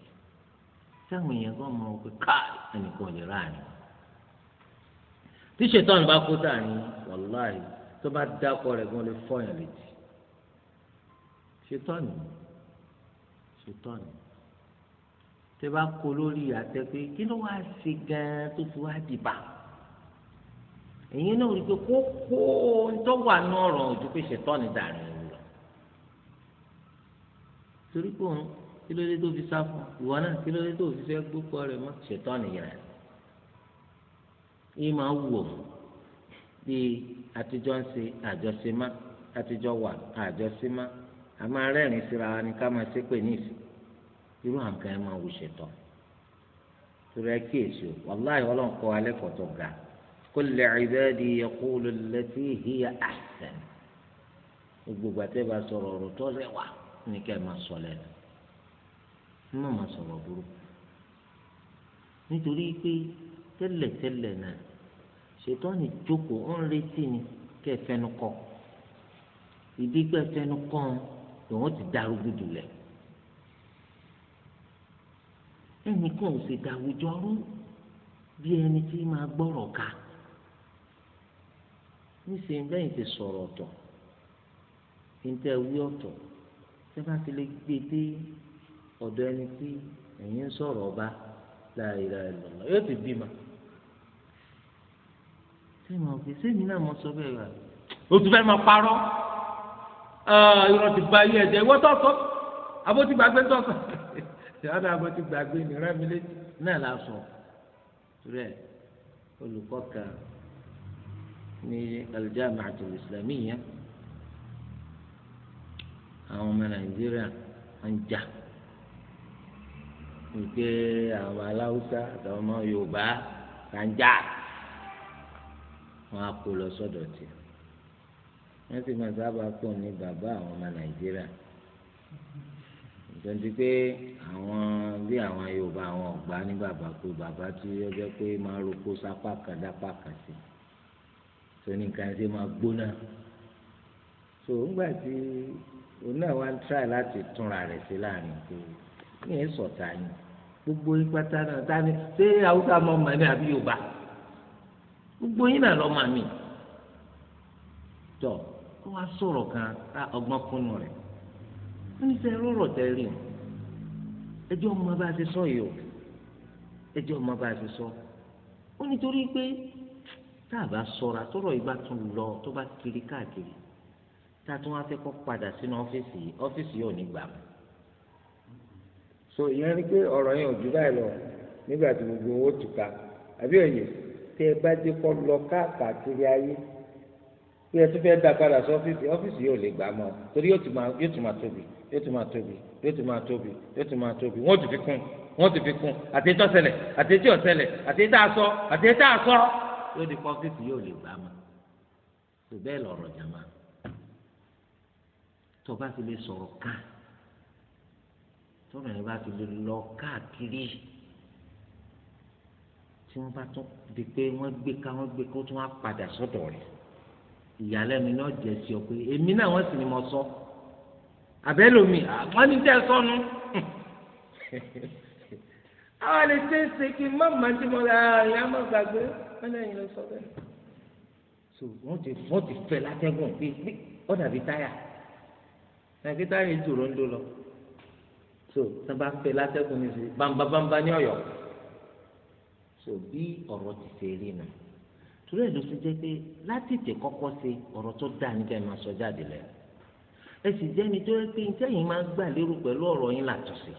táwọn èèyàn kan mọ pé káàdì ẹnìkan lè ráàyàn tí ṣètọ́nù bá kó dàrin wàláì tó bá dákọ̀ rẹ̀ gan lè fọyàn létí ṣètọ́nù ṣètọ́nù tẹ bá kó lórí àtẹ pé kí ló wá ṣe gan tó fi wá dìbà èyí náà rí i pé kókó tó wà ní ọ̀rọ̀ ojú pé ṣètọ́ ni dàrí ìlú lọ torí pé òun kí ló dé tó fi sá fún ìwọ náà kí ló dé tó fi fẹ́ gbókò rẹ̀ mọ́ ṣètọ́ nìyẹn rẹ̀ yìí máa wù ọ́ bí àtijọ́ ń ṣe àjọṣe má àtijọ́ wà àjọṣe má a máa rẹ́rìn síra wa ni ká máa ṣépè ní ìsìn irú àǹkà ẹ̀ máa wù ṣètọ́ torí ẹ kíyèsí o wàláhì ọlọ́run kọ́ tó ga. قل لعبادي يقول التي هي أحسن gbogbo àtẹ́bà sọ̀rọ̀ ọ̀rọ̀ tó rẹwà ní ká máa sọ lẹ́nu má máa sọ̀rọ̀ burúkú nítorí pé tẹ́lẹ̀tẹ́lẹ̀ náà ṣètọ́ni jókòó ń retí ni kẹ́ fẹnu kọ ìdí pé fẹnu kọ́ lòun ti darúgbùdù lẹ̀ ẹnì kan ò sì dàwùjọ rú bí ẹni tí máa gbọ́rọ̀ ká níṣẹ́ lẹ́yìn ti sọ̀rọ̀ ọ̀tọ̀ níta wí ọ̀tọ̀ tí wọ́n bá ti lè gbé dé ọ̀dọ̀ ẹni tí ẹ̀yin ń sọ̀rọ̀ ọba láìra ìlọ̀lọ́ yóò ti bímọ. sẹ́mi ọ̀gbìn sẹ́mi náà mo sọ bẹ́ẹ̀ rà o tún fẹ́ máa parọ́ irọ́ ti gba ayé ẹ̀jẹ̀ ìwọ́ tọ̀sọ́ abóti gbàgbé tọ̀sọ́ ìyáda abóti gbàgbé ni rẹ́mi létí náà la sọ rẹ̀ olùkọ́ kan ní aljamiatul islamiyya àwọn ọmọ nàìjíríà ń jà wípé àwọn aláwùsá àtàwọn ọmọ yorùbá là ń jà wọn á kó lọ sọ́dọ̀ tiẹ̀ wọn sì máa sábà pọ̀ ní bàbá àwọn ọmọ nàìjíríà ìtọ́jú pé àwọn bí àwọn yorùbá àwọn ọ̀gbá ní bàbá pé bàbá tí ó jẹ́ pé máa roko sápá kan dápá sí i tó ní nǹkan ṣe máa gbóná so ńgbà tí òun náà wá ń tíráì láti túnra rẹ̀ sí láàrin pé ní ẹ̀ sọ̀tà yìí gbogbo yín pátá náà ta ni ṣé haúsá mọ́ mọ́ ní àbí yorùbá gbogbo yín náà lọ́ máa mì ó wá sọ̀rọ̀ kan ọgbọ́n kúnnú rẹ̀ ó ní sẹ́ rọ̀rọ̀ tẹ́lẹ̀ o ẹjọ́ ọmọ bá ti sọ yìí o ẹjọ́ ọmọ bá ti sọ ó nítorí pé tá a bá sọra tọ́rọ̀ yìí bá tún lọ tó bá kiri káàkiri tá a tún wá fẹ́ kọ́ padà sínú ọ́fíìsì yìí ọ́fíìsì yìí ò ní gbà. so ìyẹn ni pé ọ̀rọ̀ yẹn ò jù báyìí lọ nígbà tí gbogbo owó tù ká àbí òye tẹ ẹ bá dé kọ́ lọ káàkiri ayé bí ẹ tún fẹ́ dá padà sí ọ́fíìsì ọ́fíìsì yóò lè gbà mọ́ torí yóò tún máa tóbi yóò tún máa tóbi yóò tún máa tóbi yóò tún máa tóbi wọ́n ti fi kún wọ́n ti fi kún àti ìtọ́sẹ̀lẹ̀ àti ìtọ́sẹ̀lẹ̀ àti ìtàsọ àti ìtàsọ yóò di pọ́fíìsì yóò lè gbà má tó bẹ́ẹ̀ lọ̀rọ̀ jàmá tó bá ti lè sọ̀rọ̀ ká tọ́nà yẹn bá ti lè lọ káàkiri tí wọ́n bá tún di pé wọ́n gbé ká wọ́n gbé kó tún wá padà sọ́dọ̀ rẹ̀ ìyàlẹ́nu náà jẹ́ sí ọ pé èmi náà wọ́n sì ni mo sọ àbẹ́lòmí àwọn ní tẹ́ sọnù àwọn lè ṣe kí n má màá tí mo ra ìyá má gbàgbé ẹlẹ́yin ló sọ bẹ́ẹ̀. so wọ́n ti wọ́n ti fẹ́ látẹ́gùn pé ó dàbí táyà nàbí táyà ìdúró ń dó lọ so tí wọ́n bá fẹ́ látẹ́gùn ní sí bàǹbà bàǹbà ní ọ̀yọ́ so bí ọ̀rọ̀ ti ṣe rí nà torí ẹ̀ ló ti jẹ́ pé látìtì kọ́kọ́ ṣe ọ̀rọ̀ tó dáa nígbà máa sọ jáde lẹ́nu ẹ sì jẹ́ni tó yẹ pé ìtẹ́yìn máa gbà lérò pẹ̀lú ọ̀rọ̀ yín làtọ̀sí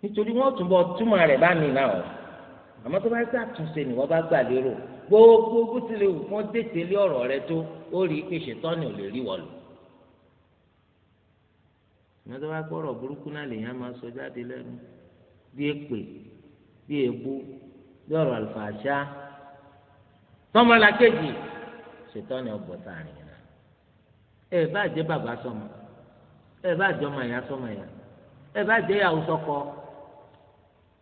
nítorí wọ́n túbọ̀ túmọ̀ rẹ̀ bá mi náà àmọ́ tó bá gbà túnṣe ni wọ́n bá gbà lérò gbogbo bó tilẹ̀ wù kán dètè lé ọ̀rọ̀ rẹ tó ó rí i pé ṣètọ́ni ò lè rí wọ́n lò. àmọ́ tó bá gbọ́rọ̀ burúkú náà lèèyàn máa sọ jáde lẹ́nu bí èpè bí èbú bí ọ̀rọ̀ àlùfàṣà tọ́mọlákejì ṣètọ́ni ọgbọ̀n tààrin náà ẹ bá jẹ́ bàbá sọmọ ẹ bá jẹ́ ọmọ ìyá sọmọ ìyá ẹ bá jẹ́ ìyàwó sọkọ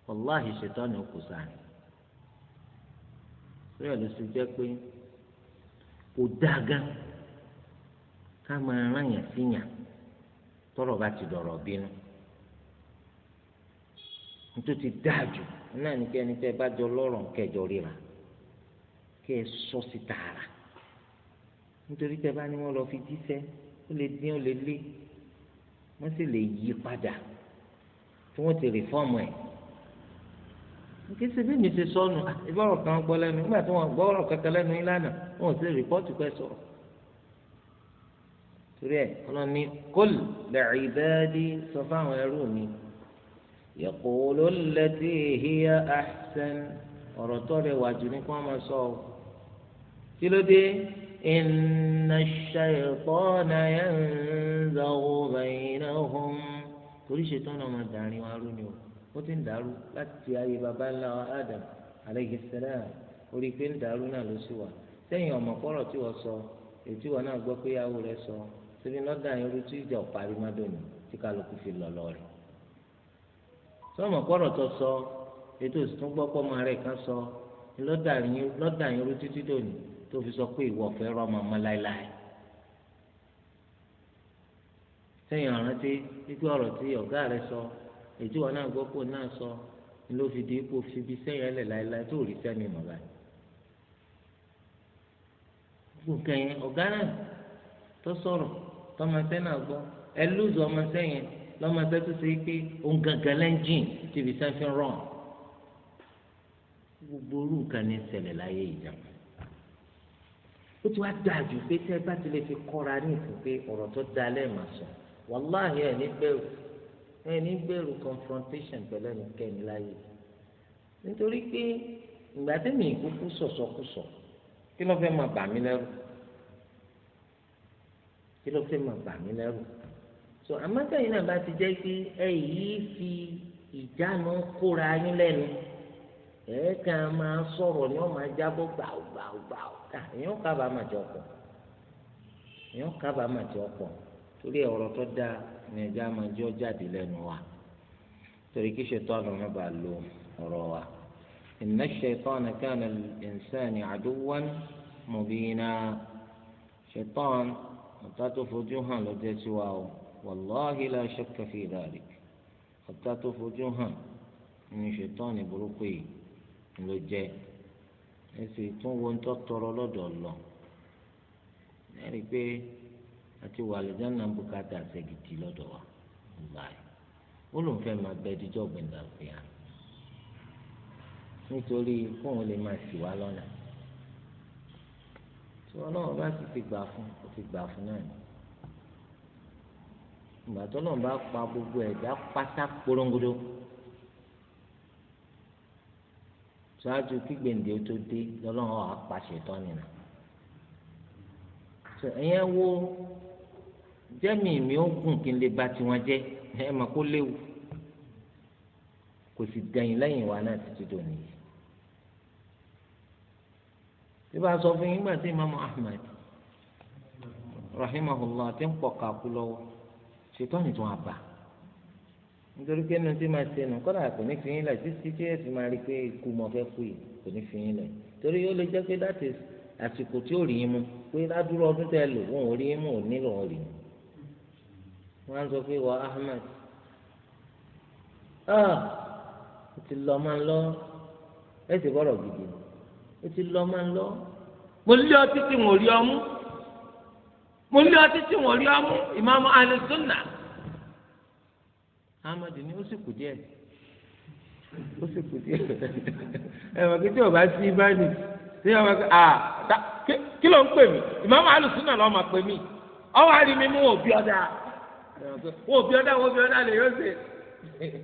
wàláhì ṣètọ́ni ó kù rí ọ̀dọ̀ sí jẹ́ pé kò dáa gan ká máa ráyàn síyàn tọ́rọ̀ bá ti dọ̀rọ̀ bínú nítorí ti dáa jù náà ní kí ẹni tẹ́ bá jọ lọ́rọ̀ kẹjọ ríra kí ẹ sọ sí tààrà nítorí tẹ́ bá ní wọ́n lọ fi jíṣẹ́ ó lè dín ó lè lé wọ́n sì lè yí padà tí wọ́n ti rìfọ́ọ̀mù ẹ̀ kí ṣe bí mi ṣe sọnù ah, ìbọ̀rọ̀ kan gbọ́ lẹ́nu nígbà tí wọ́n gbọ́rọ̀ kankan lẹ́nu yín lánàá wọn ò sí rìpọ́ọ̀tù pẹ́ sọ̀rọ̀ torí ẹ̀ ọlọ́run ní kul li'ibadi sọ fáwọn ẹrú mi yaqulu allati hiya ahsan ọ̀rọ̀ tó rẹ̀ wà jù ní kí wọ́n máa sọ ọ́ kí ló dé inna ash-shaytana yanzaghu baynahum torí ṣètò náà máa dàrin wa rú ni o. ó ti ń dàrú láti ayé baba ńlá Adam alayhi ori orí pé ń dàrú náà ló sì wà sẹ́yìn ọmọ kọ́rọ̀ tí wọ́n sọ ètí wọn náà gbọ́ pé yàwó rẹ̀ sọ síbi lọ́dà yẹn orí tí ìjà ọ̀parí má dòní tí kálukú fi lọ lọ rẹ̀ sọmọ kọ́rọ̀ tó sọ ètò ìsìtún gbọ́ pọ́ ọmọ kan sọ yẹn orí títí dòní tó fi sọ pé ìwọ fẹ́ rọ́ọ̀mọ́ ọmọ láéláé sẹ́yìn tí sọ ètò wọn náà gbọ́ pò náà sọ ló fi di ipò fibi sẹ́yìn ẹlẹ̀ láéláé tó rí sẹ́mi mọ̀ láì. gbogbo kẹyìn ọ̀gá náà tó sọ̀rọ̀ tọmọsẹ́ náà gbọ́ ẹ lóòzù ọmọsẹ́ yẹn lọ́mọsẹ́ tó ṣe pé òun gangan lẹ́ńjìn tìbí sẹ́fín rọ̀ gbogbo orú nǹkan ní ṣẹlẹ̀ láyé ìjàmbá ó ti wá dáa jù pé tẹ́ bá ti lè fi kọ́ra ní ìsìn pé ọ̀rọ̀ tó da lẹ́ẹ̀ máa sọ wàláhì ẹ̀ ní ẹni bẹ̀rù confrontation pẹ̀lú ẹnikẹ́ni láyé nítorí pé ìgbà tí mi kúkú sọ̀sọ̀kúsọ kí ló fẹ́ máa bà mí lẹ́rù kí ló fẹ́ máa bà mí lẹ́rù so àmọ́tẹ́yìn náà bá ti jẹ́ pé ẹ yìí fi ìjánu kóra yín lẹ́nu ẹ̀ẹ́kà máa sọ̀rọ̀ ni wọ́n máa jábọ́ gbàùgbàùgbàù ká èèyàn kábàá máa jẹ ọ̀pọ̀ èèyàn kábàá máa jẹ ọ̀pọ̀ torí ọ̀rọ̀ tó dáa ní ẹjọ́ àmọ́jọ́ jáde lẹ́nu wa torí kí ṣètọ́nù má bàa lo ọ̀rọ̀ wa. inna ash-shaytana kana lil-insani aduwwan mubina ṣètọ́n ọ̀tá tó fojú hàn ló jẹ́ sí wa o wallahi la shakka fi dhalik ọ̀tá tó fojú hàn ní ṣètọ́n burúkú yìí ló jẹ́ ẹ sì tún tọrọ lọ́dọ̀ lọ. ẹ pé àti wàlìjà náà bùkátà ṣègìdì lọ́dọ̀ wa báyìí ó lóun fẹ́ máa bẹ ẹdíjọ́ gbẹ̀ndà òfìyà nítorí kóun lè máa sì wá lọ́nà tí ọlọ́run bá sì ti gbà fún ó ti gbà fún náà ni ìgbà tó náà bá pa gbogbo ẹ̀dá pátá porongodo ṣáájú kí gbèǹde tó dé lọ́lọ́run àpàṣẹ tán nìyẹn ẹ̀yẹn wo jẹ́mi mi ó gùn kí n lè ba tiwọn jẹ́ ẹ mọ̀ kó léwu kò sì dẹ̀yìn lẹ́yìn wa náà títí dòní yìí tí bá sọ fún yín gbà tí imaamu ahmed rahimahullah ti ń pọ̀ kàkú lọ́wọ́ ṣètò ní tún àbá nítorí pé inú tí máa ṣe nù kọ́dà kò ní fi yín lẹ̀ títí tí ẹ fi máa rí i pé ikú mọ fẹ́ kú yìí kò ní fi yín lẹ̀ torí ó lè jẹ́ pé that àsìkò tí ò rí yín mu pé ládùúrọ̀ ọdún tẹ́ lò wọ́n ò rí yín mu ò nílò ò rí yín wọ́n á sọ pé wà Ahmed ah ó ti lọ máa ń lọ ẹ sì bọ́rọ̀ gidi ó ti lọ máa ń lọ mo lé ọtí tí mo rí ọmú mo lé ọtí tí mo rí ọmú ìmáàmù alẹ́sùnà Ahmed ni ó sì kù díẹ̀ ó sì kù díẹ̀ ẹ mọ̀ tí o bá sí ibáyìí tí o bá sí ah kí ló ń pè mí ìmáàmù alẹ́sùnà lọ́ọ́ máa pè mí ọwọ́ àrí mi mú òbí ọ̀dà wọ́n fi ọ̀dà wọ́n fi ọ̀dà lè yọ ṣe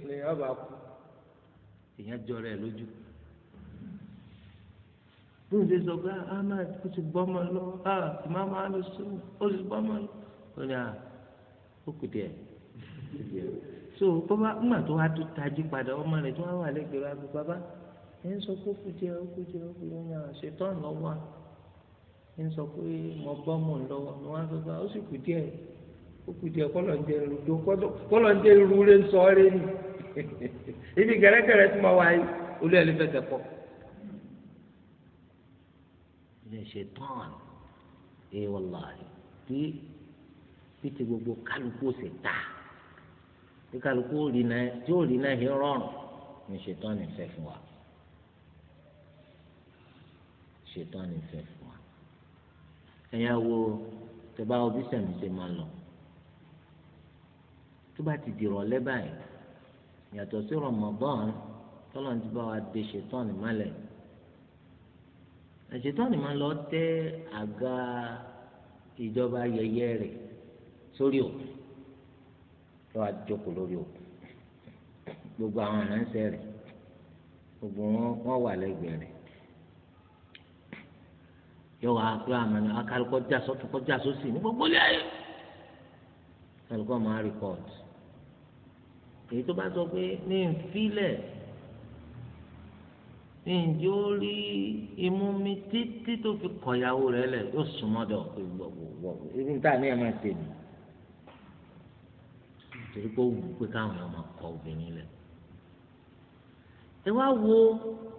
lè yọ bá kú. èèyàn jọrọ ẹ lójú. bí o ṣe sọ pé ah, ahmed kò sì gbọ́ ọmọ lọ ah mama ló sùn ó sì gbọ́ ọmọ lọ. ó ní à ah, ó kù díẹ̀ so bọ́bá ńgbà tó wá tó tají padà ọmọ rẹ̀ tó wá wà lẹ́gbẹ̀ẹ́ rẹ̀ àbí ah, bàbá ẹ̀ ń sọ pé ó kù díẹ̀ ó kù díẹ̀ ó kù díẹ̀ ní à ṣètọ́ ńlọ́wọ́ à ń sọ pé mo bọ́ mọ̀ ńlọ́wọ́ ni wọ́n á sọ pé ó sì kù díẹ̀ kókò jẹ kọlọ̀njẹ rudo kọlọ̀njẹ rure ń sọ ọ́rẹ́ ni ibi gẹ̀rẹ́gẹ̀rẹ́ tí mo wá yìí olú ẹ̀ ló fẹsẹ̀ pọ̀. ilé ṣe tán ẹ wàláhì bí bí ti gbogbo kálukú ṣe ta bí kálukú tí ó rí náà yẹn rọrùn ní ṣe tán ní fẹ́ fún wa ṣe tán ní fẹ́ fún wa ẹ̀yà wo tẹ bá obi sẹ̀mí ṣe máa lọ tó bá ti dìrọ̀lẹ́ báyìí yàtọ̀ sí Ramadan tọ́lọ́n ti bá wa de ṣetán ní malẹ̀ ṣetán ní malẹ̀ ọ tẹ́ àga ìjọba yẹyẹ rẹ̀ sórí òkun tó a jókòó lórí òkun gbogbo àwọn ànánsẹ́ rẹ̀ gbogbo wọn wà lẹ́gbẹ̀ẹ́ rẹ̀ yóò wá pé àmàlà akálùkọ́ já sọ́tún kọ́ ní gbogbo ilé ayé máa rìpọ́ọ̀tì èyí tó bá sọ pé ní nfilẹ̀ ní njẹ́ ó rí imú mi títí tó fi kọ̀yàwó rẹ̀ lẹ̀ yóò súnmọ́ dọ̀ pé wọ̀wọ̀wọ̀ ibi tá a ní ẹ̀ máa ṣe nù torí pé ó wù pé káwọn ọmọ kọ obìnrin lẹ̀ ẹ wá wo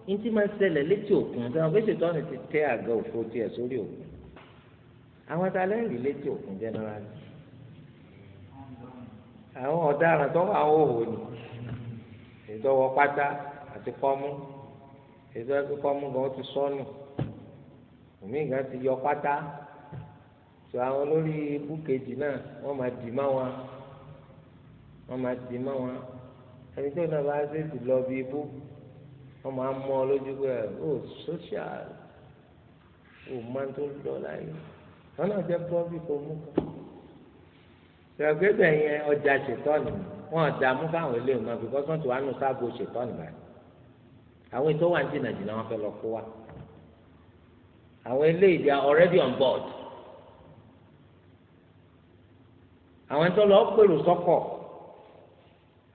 ní tí máa ṣẹlẹ̀ létí òkun tí wọn fi ṣètò ti tẹ àga òfò tiẹ̀ sórí òkun àwọn tá lẹ́rìí létí òkun jẹ́nẹ́rálì àwọn ọ̀daràn tó wà hóhò ni ìdọ́wọ́ pátá àti kọ́mú ìdọ́wọ́ tó kọ́mú gan ti sọnù òmíì gan ti yọ pátá tó àwọn olórí ikú kejì náà wọ́n máa dì má wọn wọ́n máa dì má wọn ẹni tó náà bá ṣèṣì lọ bí ibú wọ́n máa mọ ọ lójú pé ó social ó máa tó lọ láyé wọ́n náà jẹ́ pọ́bí kò mú kan tẹ̀gbẹ́bẹ̀ yẹn ọjà ṣètọ́nì wọn dààmú fáwọn ilé wọn bí kọ́sán tó wà nù sáàbò ṣètọ́nì báyìí àwọn ètò wà ní jìnnà jìnnà wọn fẹ́ lọ kó wa àwọn ilé ìdí already on board àwọn tó lọ pèrò sọ́kọ̀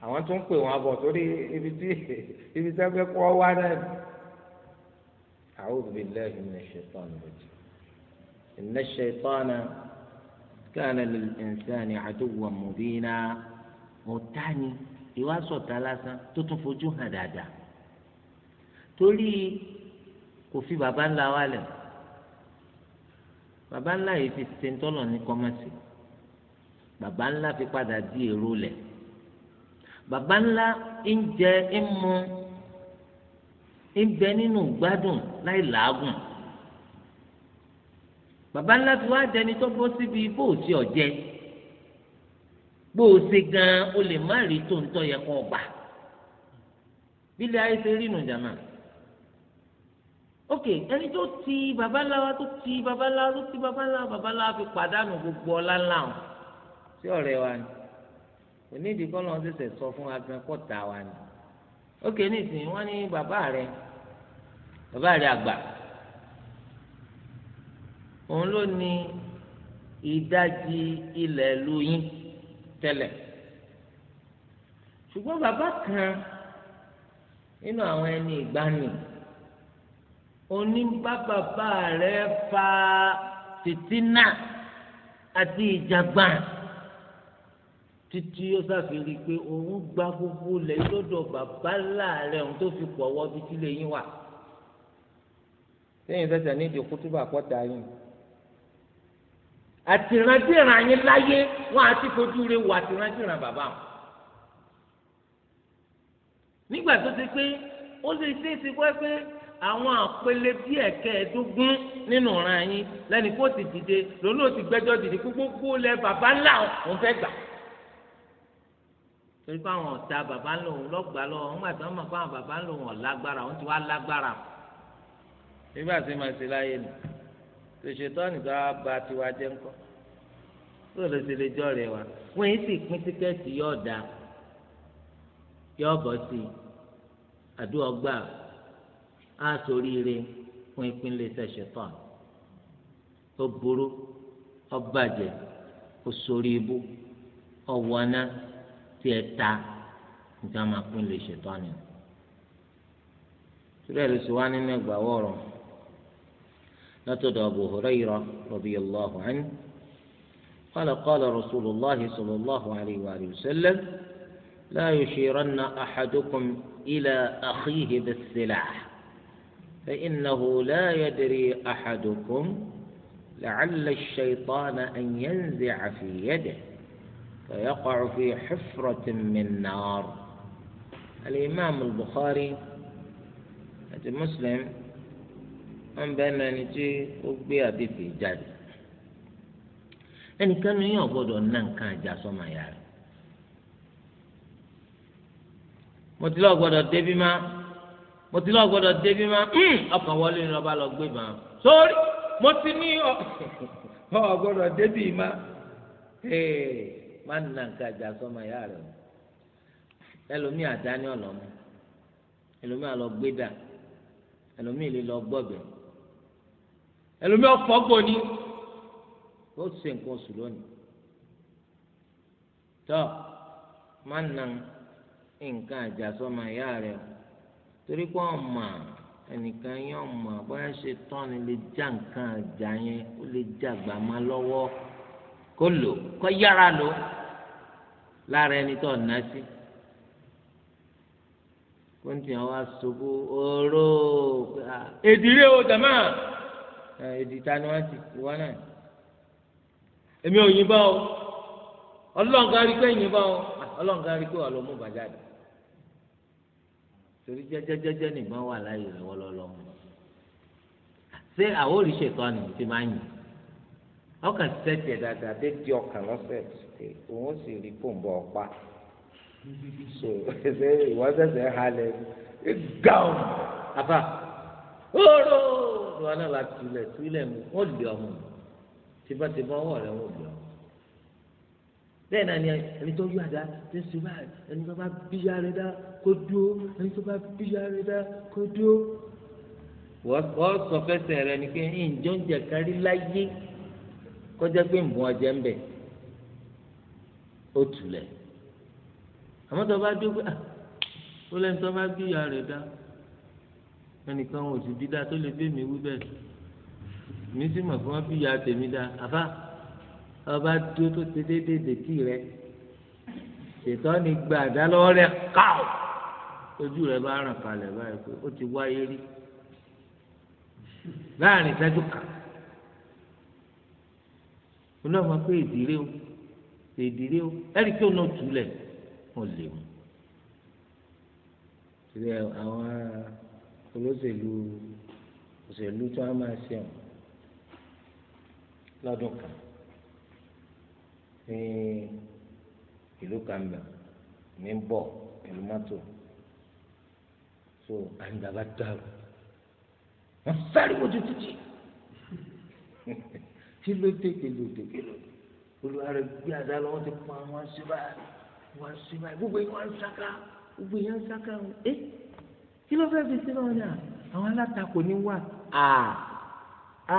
àwọn tó ń pè wọn bọ̀ torí ibi tí ibi tí ẹgbẹ́ kọ́ wá náà a'udhu billahi minash shaitani rajim inna ash-shaytana kana lil insani aduwwan mubina ọ̀tá ni ìwà sọ̀tá lásán tó tún fojú hàn dáadáa torí kò fi baba ńlá wa lẹ̀ baba ńlá yìí fi sentọ́lọ̀ ní kọ́mọ̀sì baba ńlá fi padà di èrò lẹ̀ baba ńlá ń jẹ ń mu ń bẹ nínú gbádùn láì làágùn bàbá ńlá fi wá dẹni tó bọ́ síbi bó o ṣe ọ̀jẹ́ bó o ṣe gan-an o lè má rí tó ń tọ́ yẹ kó o gbà bílẹ̀ ayé ṣe rí nù jàmá ok ẹni tó ti bàbá ńlá wa tó ti bàbá ńlá wa tó ti bàbá ńlá wa fi pàdánù gbogbo ọlá ńlá wọn sí ọ̀rẹ́ wa ni onídìí kọ́ lọ́n ṣẹ̀ṣẹ̀ sọ fún agbẹ́ wa ni ok nísìnyí wọ́n ní bàbá rẹ bàbá rẹ àgbà òun ló ní ìdajì ilẹ̀ ìlú yín tẹ́lẹ̀ ṣùgbọ́n bàbá kan nínú àwọn ẹni ìgbani oníbàbàbà rẹ̀ fa tìtínà àti ìjàgbọ́n títí ó ṣàfihàn pé òun gba gbogbo ilẹ̀ lọ́dọ̀ bàbá láàrẹ̀ òun tó fi pọ̀ wọ́ bí tílé yín wà. sẹ́yìn fẹsẹ̀ ní ìdí kútúbà pọ̀ yín àtìrandíran yín láyé wọn àti fojú rẹ wò àtìrandíran bàbá wọn. nígbà tó ti pé ó lè ṣe é ṣe pé pé àwọn àpẹẹlẹ bí ẹ̀kẹ́ẹ̀dógún nínú ọ̀ràn yín lẹ́ni kó ti dìde lónà ó ti gbẹ́jọ́ dìde gbogbo lẹ bàbá ńlá òun fẹ́ gbà torí pé àwọn ọ̀tá bàbá ń lò wọn lọ́gbàá lọ́wọ́ wọn mọ̀ pé bàbá ń lò wọn lágbára ti wá lágbára. nígbà tí màá ṣe láyé nù ṣèṣetọ́nì tó wá ba tiwa jẹ́ ńkọ́ tó lè ṣe lè jọ́ rẹ̀ wá wọ́n yìí sì pín tíkẹ́ẹ̀tì yóò dá yóò bọ́ sí i àdúrà gbà á ṣoríire fún ìpínlẹ̀ ṣẹṣetọ́nì ó burú ó bàjẹ́ ó sórí ibú ó wọná tí ẹ ta nígbà máa pín lè ṣètọ́ni. Sùrẹ́ ló sì nínú ẹgbàá wọ̀rọ̀. نتدى أبو هريرة رضي الله عنه قال قال رسول الله صلى الله عليه وآله وسلم لا يشيرن أحدكم إلى أخيه بالسلاح فإنه لا يدري أحدكم لعل الشيطان أن ينزع في يده فيقع في حفرة من نار الإمام البخاري مسلم wọn bẹ nu ẹni tí ó gbé àdìsí jáde ẹnìkan ní gbọ́dọ̀ ná nǹkan àjà sọmọ ìyá rẹ mo ti lọ débi mo ti lọ débi ma hmm, ọkàn wọlé ni lọba lọ gbé bá sórí mo ti ní ọ gbọ́dọ̀ débi má má ná nǹkan àjà sọmọ ìyá rẹ o ẹlòmíì àdáni ẹlòmíì gbé dà ẹlòmíì ẹlòmí ọ̀fọ́ gbòní ó ṣe nǹkan oṣù lónìí tọ́ má na nǹkan àjàsọ́mọ ìyá rẹ̀ o torí pé ọ̀mà ẹnìkan yẹn ọ̀mà bóyá ṣe tán ni lè já nǹkan àjà yẹn ó lè já gbàmá lọ́wọ́ kó lò kó yára lò lára ẹni tó ná sí kó ń tiẹ̀ wá ṣubú oró ah, èdìrí o jàmáà èdìta ni wọ́n ti ìwọ náà èmi ò yìnbọn o ọlọ́ǹkan rí pé yìnbọn o ọlọ́ǹkan rí pé wà ló mú bàjá dé torí jẹ́jẹ́jẹ́jẹ́ nìgbọ́n wà láyé rẹ̀ wọ́lọ́lọ́ ṣé àwọn olùṣètò àná ti máa ń yìn ọkàn sẹ́tì ẹ̀ dáadáa dé di ọkàn lọ́sẹ̀ òun ó sì rí pòǹbọ̀ ọ̀pá so ẹsẹ̀ ìwọ́sẹ̀sẹ̀ halẹ̀ gáùn afa oòrò ìwà náà la tulẹ̀ tulẹ̀ mu wọ́n lé ọmọ tìbọ̀tìbọ̀ ọwọ́ rẹ̀ wọ́n lé ọmọ bẹ́ẹ̀ náà ni ẹni tó yọ àdá tó sùn báyìí ẹni tó bá bíyà rẹ̀ dá kó dúró ẹni tó bá bíyà rẹ̀ dá kó dúró. wọ́n sọ fẹsẹ̀ rẹ ni pé ǹjọ́ ń jẹ kárí láyé kọjá pé mú ọjẹ́ ń bẹ̀ ó tulẹ̀ àmọ́ tó bá dúró pé ah, ó lẹ́ni tó bá bíyà rẹ̀ dá ẹnìkan ò sì bí dáa tó lè bẹ́ẹ̀ mi wí bẹ́ẹ̀ mi sì mọ̀ fún wọn bí ìyá tèmi dáa àbá ọba tó tó ṣe déédéé dèkì rẹ ṣètò ni gba àdá lọ́wọ́ rẹ káò ojú rẹ bá ràn kalẹ̀ báyìí pé ó ti wáyé rí láàrin ìtẹ́jú kan olóòmọ pé ìdílé o ìdílé o ẹ̀rí kí òun túlẹ̀ wọn lè mú. àwọn olóṣèlú òṣèlú tí wọ́n máa ṣe ọ̀hún lọ́dún kan ní ìlú kanbẹ̀ ní bọ̀ ìlú mọ́tò so àyìnbá dàrú wọ́n sáré wojú títì kí ló dé kí ló dé kí ló dé olùwárí gbé àdá lọ wọ́n ti pa wọ́n ṣe báyìí wọ́n ṣe báyìí gbogbo yẹn wọ́n ń sáká gbogbo yẹn ń sáká ẹ. Eh? kí ló fẹ́ fi sí náà ní à àwọn alátakò ní wà à à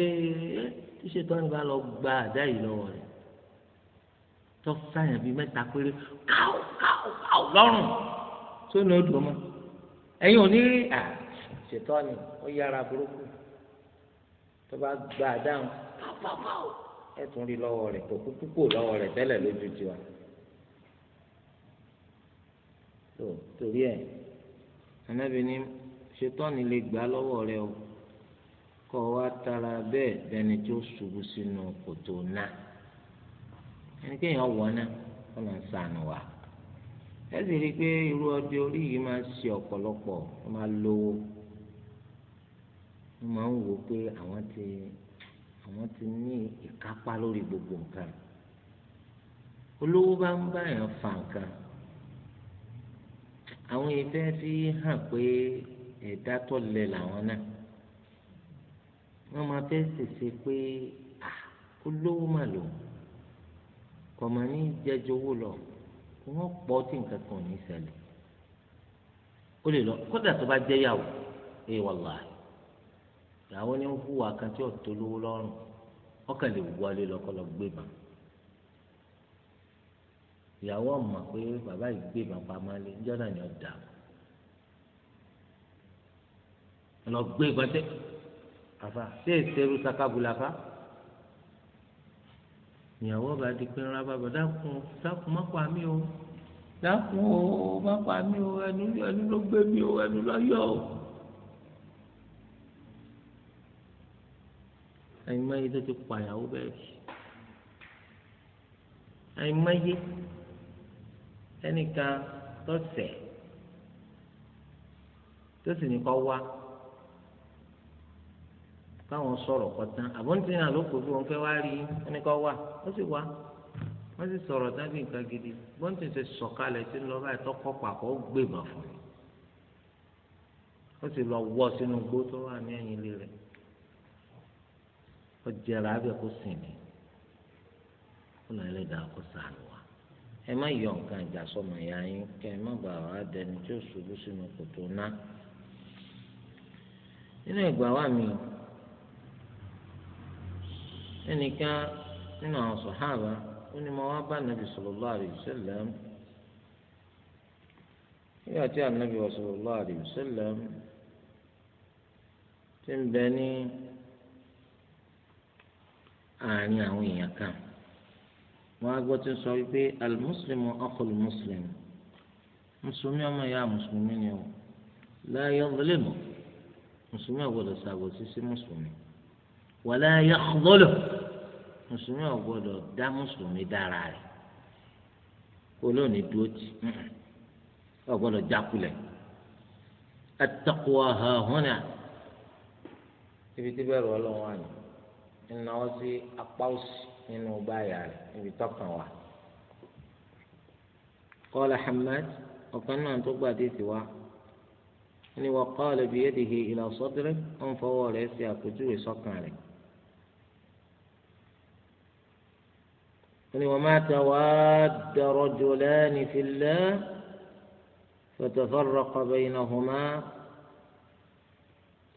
ee tí ṣètò àgbà lọ gba àdá yìí lọ́wọ́ rẹ̀ tó sáyàn bíi mẹ́ta péré káò káò káò lọ́rùn tó ní odò mọ́ ẹ̀yin ò ní rí à ṣètò ni ó yára burúkú tó bá gba àdá wọn káò káò káò ẹ̀ tún rí lọ́wọ́ rẹ̀ kò kúkú kò lọ́wọ́ rẹ̀ tẹ́lẹ̀ lójú tiwa. torí ẹ̀. Ànábì ní ṣetọ́ni lè gbà lọ́wọ́ rẹ o kọ́ wa tara bẹ́ẹ̀ dẹni tó ṣubú sínú kòtò náà ẹni kéèyàn wọ̀ náà wọ́n máa ń sànù wa ẹ sì rí i pé irú ọdẹ orí yìí máa ń ṣe ọ̀pọ̀lọpọ̀ wọ́n máa lówó wọ́n máa ń wò pé àwọn ti àwọn ti ní ìkápá lórí gbogbo nǹkan olówó bá ń bá èèyàn fa nǹkan àwọn ìfẹ́ fi hàn pé ẹ̀dá tó lẹ làwọn náà wọ́n máa fẹ́ ṣèṣe pé olówó mà lò kọ̀mọ̀ ní jẹjọ owó lọ wọ́n pọ̀ tí nǹkan kan ní ṣẹlẹ̀ ó lè lọ kódà tó bá jẹ́ yàwó ẹ wàláhì ìyàwó ni ń hùwà kan tí ò tó lówó lọ́rùn ọkàn lè wọlé lọ́kọ́ lọ gbé bàá ìyàwó ọmọ pé bàbá yìí gbé bàbá máa lé níjọ́ náà ni ọ dà lọ gbé gbọdẹ àfa ṣé ìṣerú sakabula fa ìyàwó ọba di pé ńlá bàbá dákun dákun má pa mí o dákun o má pa mí o ẹnu ẹnu ló gbé mi o ẹnu ló yọ o. àyìnbáyé tó ti pàyàwó bẹ́ẹ̀ àyìnbáyé ẹnìkan tó ṣẹ̀ tó sì ní kọ́ wá káwọn sọ̀rọ̀ kọ́tán àbọ̀ntì náà ló kó fún wọn fẹ́ wá rí ẹnìkan wá ó sì wá wọ́n sì sọ̀rọ̀ dábì nǹkan gidi bọ́ǹtì ṣe sọ̀kalẹ̀ tí ń lọ báyìí tọ́kọ́ pàpọ̀ ó gbé ìmọ̀ fún mi ó sì lọ wọ́ sínú igbó tó wà ní ẹ̀yìn ilé rẹ̀ ó jẹrà abẹ́ kó sìn ní ó lọ ẹlẹ́dàá kó sànù ẹ má yọ nǹkan ìjà sọmọ ìyá yín kẹ ẹ má bàa wá dẹni tí ó ṣubú sínú kòtò ná. nínú ìgbà wa mi ẹnìkan nínú àwọn sọ̀háàbà ó ní mo wá bá nàbì sallallahu alaihi wasallam nígbà tí ànábì ti ń bẹ ní àárín àwọn èèyàn wọn agbọ́ ti sọ wípé alimuslimu ọkọlù muslim mùsùlùmí ọmọ ìyá mùsùlùmí ni o láyé ọ̀dọ́lẹ́mù mùsùlùmí ọ̀gbọ́dọ̀ ṣàbòsí sí mùsùlùmí wàlá ayé ọ̀dọ́lẹ̀ mùsùlùmí ọ̀gbọ́dọ̀ dá mùsùlùmí dára rẹ̀ olóòní dúró tì ọ̀gbọ́dọ̀ jákulẹ̀ atakuwa ha hona ibi tí bẹ́ẹ̀ rọ ọlọ́run wà ní ìnáwó sí apá òsì. nínú báyà rẹ̀ níbi tọkàn wa. قال حماد وكان أن تقبع ديتوا يعني وقال بيده إلى صدره أن فهو ليس يأكجو سكانه يعني وما تواد رجلان في الله فتفرق بينهما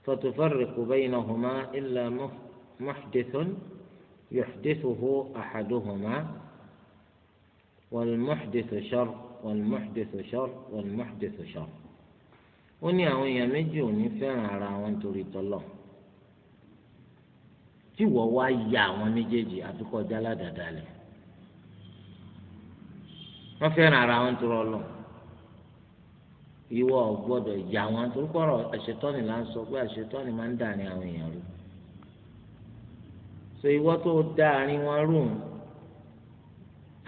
فتفرق بينهما إلا محدث يحدثه أحدهما والمحدث شر والمحدث شر والمحدث شر ó ní àwọn èèyàn méjì ò ní fẹ́ràn ara wọn nítorí tọ́lọ̀ tí wọ́n wá ya àwọn méjèèjì àtúkọjá ládàáda lẹ̀ wọ́n fẹ́ràn ara wọn nítorí ọlọ́ ìwọ ò ya wọn torí kọ́rọ̀ àṣetọ́ni là ń sọ pé àṣetọ́ni máa ń dà ní àwọn èèyàn rú so ìwọ tó dá àárín wọn rùn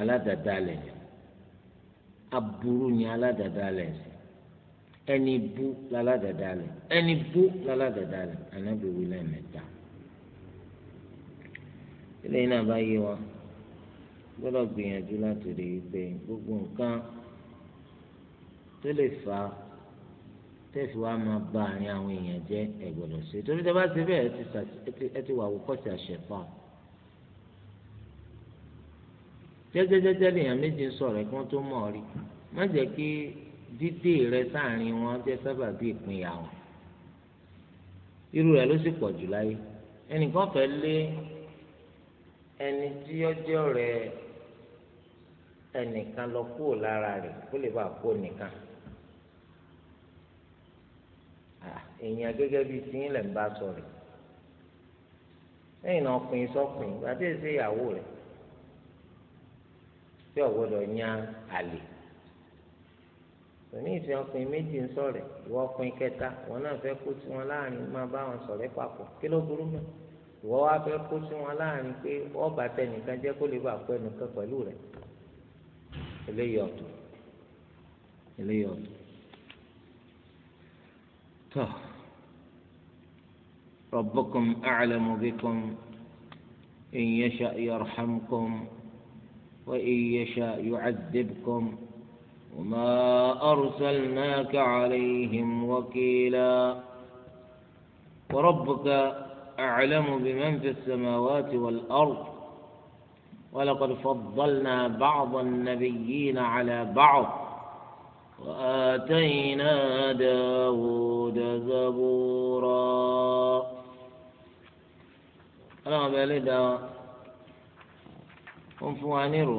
aládàáda lẹ̀ aburú ni aládàáda lẹ̀ ẹni bú láládàáda lẹ̀ ẹni bú láládàáda lẹ̀ anábìwí lẹ́ẹ̀mẹ́ta ilé iná bá yé wa gbọ́dọ̀ gbìyànjú láti rí i pé gbogbo nǹkan tó lè fà á tẹ́sí wa máa ba àárín àwọn èèyàn jẹ́ ẹ̀gbọ́dọ̀ sí torí tẹ́ bá ti bẹ́ẹ̀ ẹ ti wà wọ́kọ́sí àṣẹfà jẹ́jẹ́jẹ́jẹ́ lèèyàn méjì ń sọ̀rọ̀ kí wọ́n tó mọ̀ ọ́ rí má jẹ́ kí dídé rẹ sáàrin wọn jẹ́ sábà bí ìpínyà wọn irú rẹ̀ ló sì pọ̀ jù láyé ẹnìkan fẹ́ lé ẹni tí ọjọ́ rẹ̀ ẹnìkan lọ kúrò lára rẹ̀ kó lè bá kó nìkan èèyàn gẹ́gẹ́ bíi tiyín lẹ̀ ń bá sọ̀rọ̀ lẹ́yìn náà pin sọ́pin gbàdé ṣe ìyàwó rẹ̀ tí ò gbọ́dọ̀ yan àlè òní ìsìn ọpin méjì ń sọ̀rẹ̀ ìwọ ọpin kẹta wọn náà fẹ́ kó sí wọn láàrin máa bá wọn sọ̀rẹ́ papọ̀ kí ló burú mọ́ ìwọ wá fẹ́ kó sí láàrin pé ọba tẹnìkan jẹ́ kó lè bà pẹ́ nìkan pẹ̀lú rẹ̀ eléyìí ọ̀tọ̀ ربكم أعلم بكم إن يشأ يرحمكم وإن يشاء يعذبكم وما أرسلناك عليهم وكيلا وربك أعلم بمن في السماوات والأرض ولقد فضلنا بعض النبيين على بعض وآتينا داود زبورا أنا بالي دا ń fún wa nírò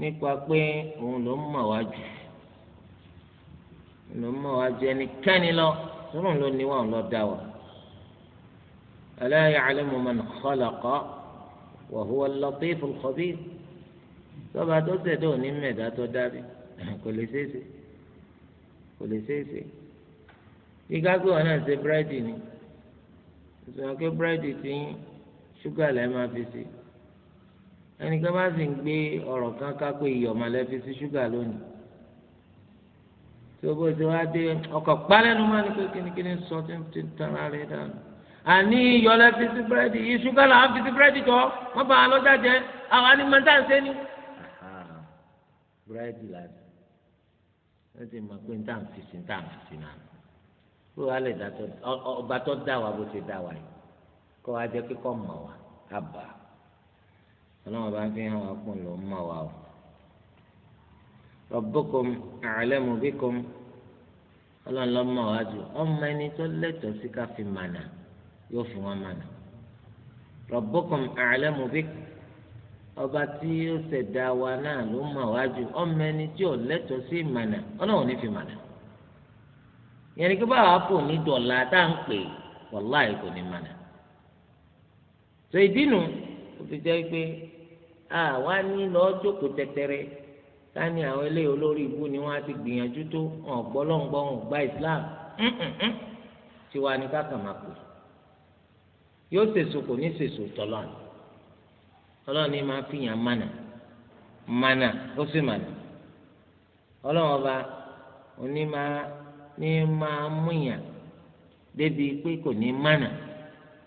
nípa pé òun ló ń mọ̀ wá jù ló ń mọ̀ wá jù ẹnikẹ́ni lọ sọ́nà ló ní wa ló dá wa. ألا يعلم من خلق وهو اللطيف الخبير tọ́ba tó tẹ̀dọ̀ ní mẹ̀dá tó dábì kò lè ṣeéṣe kò lè ṣeéṣe ìgbà pé wọn náà ṣe búrẹ́dì ni ìṣòro pé búrẹ́dì ti ń ṣúgà lẹ́ máa fi sí ẹnìkan bá sì ń gbé ọ̀rọ̀ kan ká pé máa lẹ́ fi sí ṣúgà lónìí tí o bó ṣe wá dé ọkọ̀ pálẹ́nu máa ní pé kínníkínní sọ tí ń tan ara rẹ̀ dànù àní iyọ̀ lẹ́ fi sí búrẹ́dì yìí ṣúgà làwọn fi sí búrẹ́dì jọ wọ́n bá wọn lọ́jà jẹ́ àwọn anímọ̀ta ń ṣe ni búrẹ́dì láti wọ́n ti mọ̀ pé níta ń fi sí níta ń fi sí náà kó alẹ́ dàtọ́ ọba tó dá wa bó ti dá wa yìí kó wa jẹ́ kíkọ́ mọ̀ wa àbá ọlọ́run bá fi hàn wá pọ̀ ló mọ̀ wa o. rabbukum a'lamu bikum ọlọ́run ló mọ̀ wá jù ọmọ ẹni tó lẹ́tọ̀ọ́ sí ká mànà yóò fi wọ́n mànà rabbukum a'lamu bikum ọba tí ó ṣẹ̀dá wa náà ló mọ̀ wájú ọmọ ẹni tí ò lẹ́tọ̀ọ́ sí ìmànà ọlọ́run ní fi mànà yẹn ni kí báwa kò ní dọ̀là tá à ń pè wàláì kò ní mànà tó ìdínú ó ti jẹ́ pé àwa ní lọ́ọ́ jókòó tẹ́tẹ́rẹ́ tani àwọn eléyìí olórí ibú ni wọn á ti gbìyànjú tó wọn gbọ́ wọn gba islam tiwa ni káka máa pè yóò ṣèṣò ní ṣèṣò ọlọ́run ní máa fi yàn mánà mánà ó sì mánà ọlọ́run ọba òní máa ní máa mú yàn débi pé kò ní mánà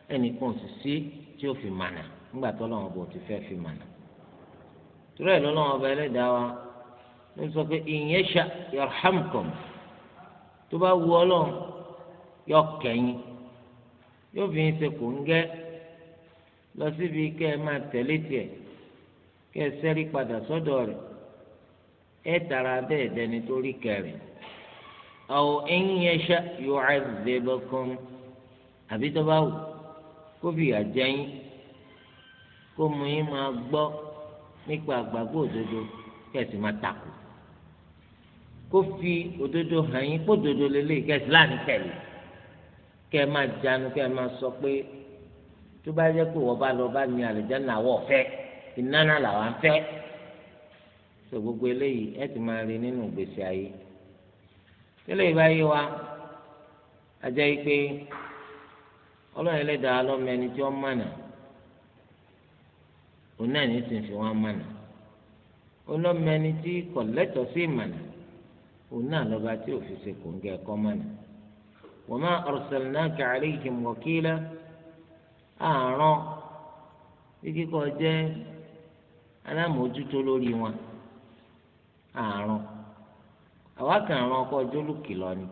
sì sí tí ó fi mánà nígbà tó ọlọ́run ọba ò ti fẹ́ fi mánà ọba ẹlẹ́dàá wa ló sọ pé ìyẹ́sà tó bá wu ọlọ́run yọ kẹ́yìn yóò fi ń ṣe lọ síbi kẹ́ ẹ máa tẹ̀lé tiẹ̀ kẹ́ ẹ sẹ́rí padà sọ́dọ̀ rẹ̀ ẹ tara bẹ́ẹ̀ dẹni tó rí kẹrin aw in yasha yu'adhibkum àbí tó bá wù kó fìyà jẹ yín kó mú yín máa gbọ́ nípa àgbàgbọ́ òdodo kẹ̀sì máa takò kó fi òdodo hàn yín kó òdodo lélẹ́yìí kẹ̀sì láàánú tẹ̀lé kẹ́ ẹ máa jánu kẹ́ ẹ máa sọ pé tó bá yẹ pé wọ́n bá lọ bá mi àlùjáná àwọ̀ gbogbo eléyìí ẹ ti máa rí nínú gbèsè ayé tẹ́lẹ̀ ìbá wa ajá yìí pé ọlọ́run ẹlẹ́dàá lọ́mọ ẹni tí wọ́n mànà òun náà ní sìn fi wọ́n ọlọ́mọ ẹni tí kò sí òun náà lọ́ba tí òfin ṣe kò àárọ̀ bí kíkọ́ jẹ́ alámòójútó lórí wọn àárọ̀ àwa kan àárọ̀ ọkọ̀ ọjọ́ olùkìlọ̀ ni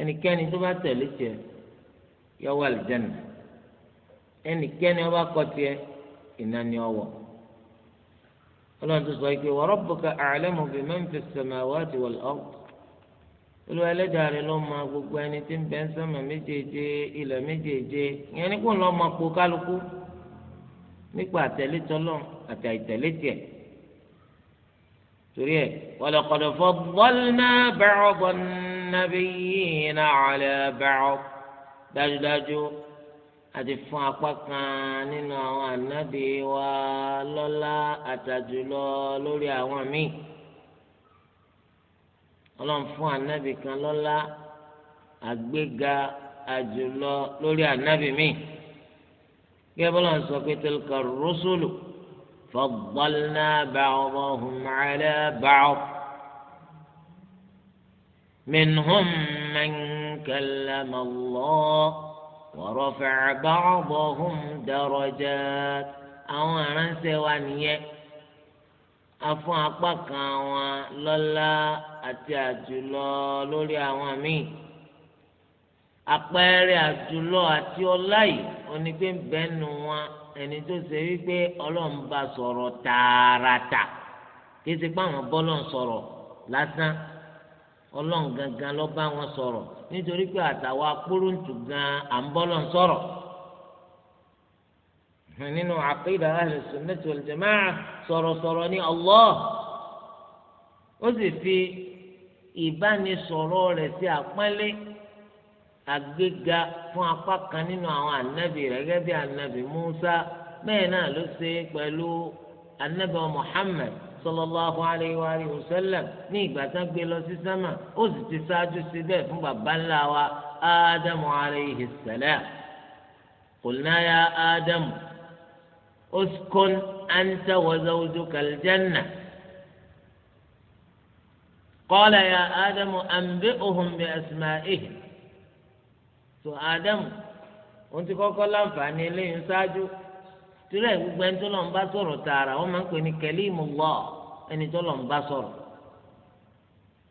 ẹnikẹ́ni tó bá tẹ̀lé tiẹ̀ yọ wà lìjẹ́nà ẹnikẹ́ni ọba kọ tiẹ̀ iná ni ọwọ́ tó sọ pé wa rabbuka a'lamu biman fis samawati wal ard olú ẹlẹ́dàá rẹ̀ lọ́ọ́ máa gbogbo ẹni tí ń bẹ ń sánmà méjèèje ilẹ̀ méjèèje ìyẹn ní kó lọ́ọ́ máa po kálukú nípa àtẹ̀lé tọ́lọ́ àti àìtẹ̀lé tiẹ̀ torí ẹ̀ walaqad faddalna ba'dan nabiyyina 'ala ba'd dájúdájú àti fún apá kan nínú àwọn ànábì wa lọ́lá àtàjùlọ lórí àwọn míì ọlọ́run fún ànábì kan lọ́lá àgbéga àjùlọ lórí ànábì míì gẹ́gẹ́ bọ́lá ń sọ pé tilka rusulu faddalna ba'dahum ala ba'd minhum man kallama Allah wa rafa'a ba'dahum darajat àwọn aránṣẹ́ wa nìyẹn a apá kan wọn lọ́lá àti àjùlọ lórí àwọn míì àpẹẹrẹ àjùlọ àti ọlá yìí onígbé bẹ́ẹ̀nu wọn ẹni tó ṣe wípé ọlọ́run bá sọ̀rọ̀ tààràtà kí ṣe pé àwọn bọ́lọ̀ ń sọ̀rọ̀ lásán ọlọ́run gangan ló bá wọn sọ̀rọ̀ nítorí pé àtàwọn akpóróǹtù gan à ń bọ́lọ̀ ń sọ̀rọ̀ nínú àkídà ahlu sunnah wal jamaa sọ̀rọ̀sọ̀rọ̀ ní Allah ó sì fi ìbánisọ̀rọ̀ rẹ̀ sí àpẹ́lẹ́ àgbéga fún apá kan nínú àwọn ànábì rẹ̀ gẹ́gẹ́ bí ànábì Musa bẹ́ẹ̀ náà ló ṣe pẹ̀lú ànábì muhammed sọlọ́láhu alayhi wa alayhi wa sallam ní ìgbà tán gbé lọ sí sámà ó sì ti ṣáájú sí bẹ́ẹ̀ fún bàbá ńlá wa ádámù alayhi salam qulna ya ádámù uskun anta wa zawjuka al-jannah. قال يا آدم أنبئهم بأسمائهم تو آدم wọ́n ti kọ́kọ́ láǹfààní eléyìí ṣáájú tirẹ̀ gbogbo ẹni tó lọ́n bá sọ̀rọ̀ tààrà wọ́n máa ń pè ní kalimullah ẹni tó lọ́n bá sọ̀rọ̀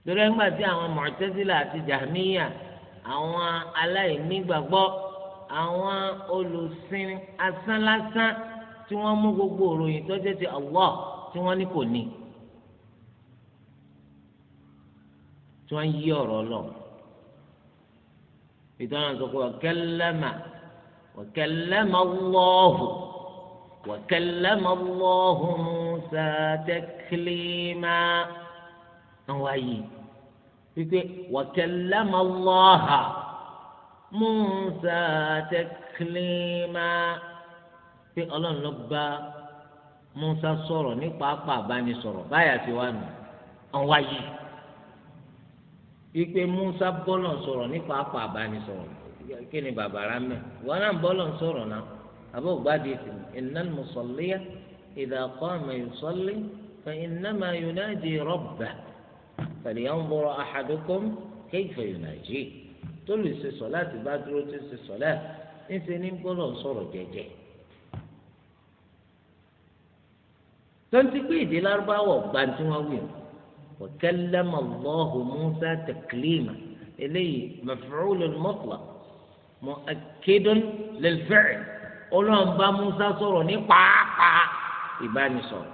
torí ẹgbà tí àwọn Mu'tazila àti Jahmiya àwọn aláìnígbàgbọ́ àwọn olùsìn asán lásán tí wọ́n mú gbogbo òròyìn tó jẹ́ ti Allah tí wọ́n ní tí wọ́n yí ọ̀rọ̀ lọ ìtọ́nà sọ pé wàkẹ́lẹ́mà wàkẹ́lẹ́mà Allahu wàkẹ́lẹ́mà Allahu Musa taklima àwọn ayé wípé wàkẹ́lẹ́mà Allaha Musa taklima pé ọlọ́run ló bá Musa sọ̀rọ̀ nípa pàbánisọ̀rọ̀ báyà ti wà nù àwọn ayé wípé Musa bọ́lọ̀ sọ̀rọ̀ nípa apá àbánisọ̀rọ̀ kí ni bàbá rà mẹ́ wọn náà bọ́lọ̀ sọ̀rọ̀ náà àbọ̀ gbádìí sí innal musalliya idha qama yusalli fa innama yunaji rabbah falyanzur ahadukum kayfa yunaji tó lè ṣe sọ̀láàtì bá dúró tó ṣe sọ̀láàtì níṣẹ́ ní bọ́lọ̀ sọ̀rọ̀ jẹ́jẹ́ tó ń ti pé ìdí lárúbáwọ̀ gbantí wọn wí وكلم الله موسى تكليما إليه مفعول مطلق مؤكد للفعل قل لهم با موسى صرني قا قا يباني صر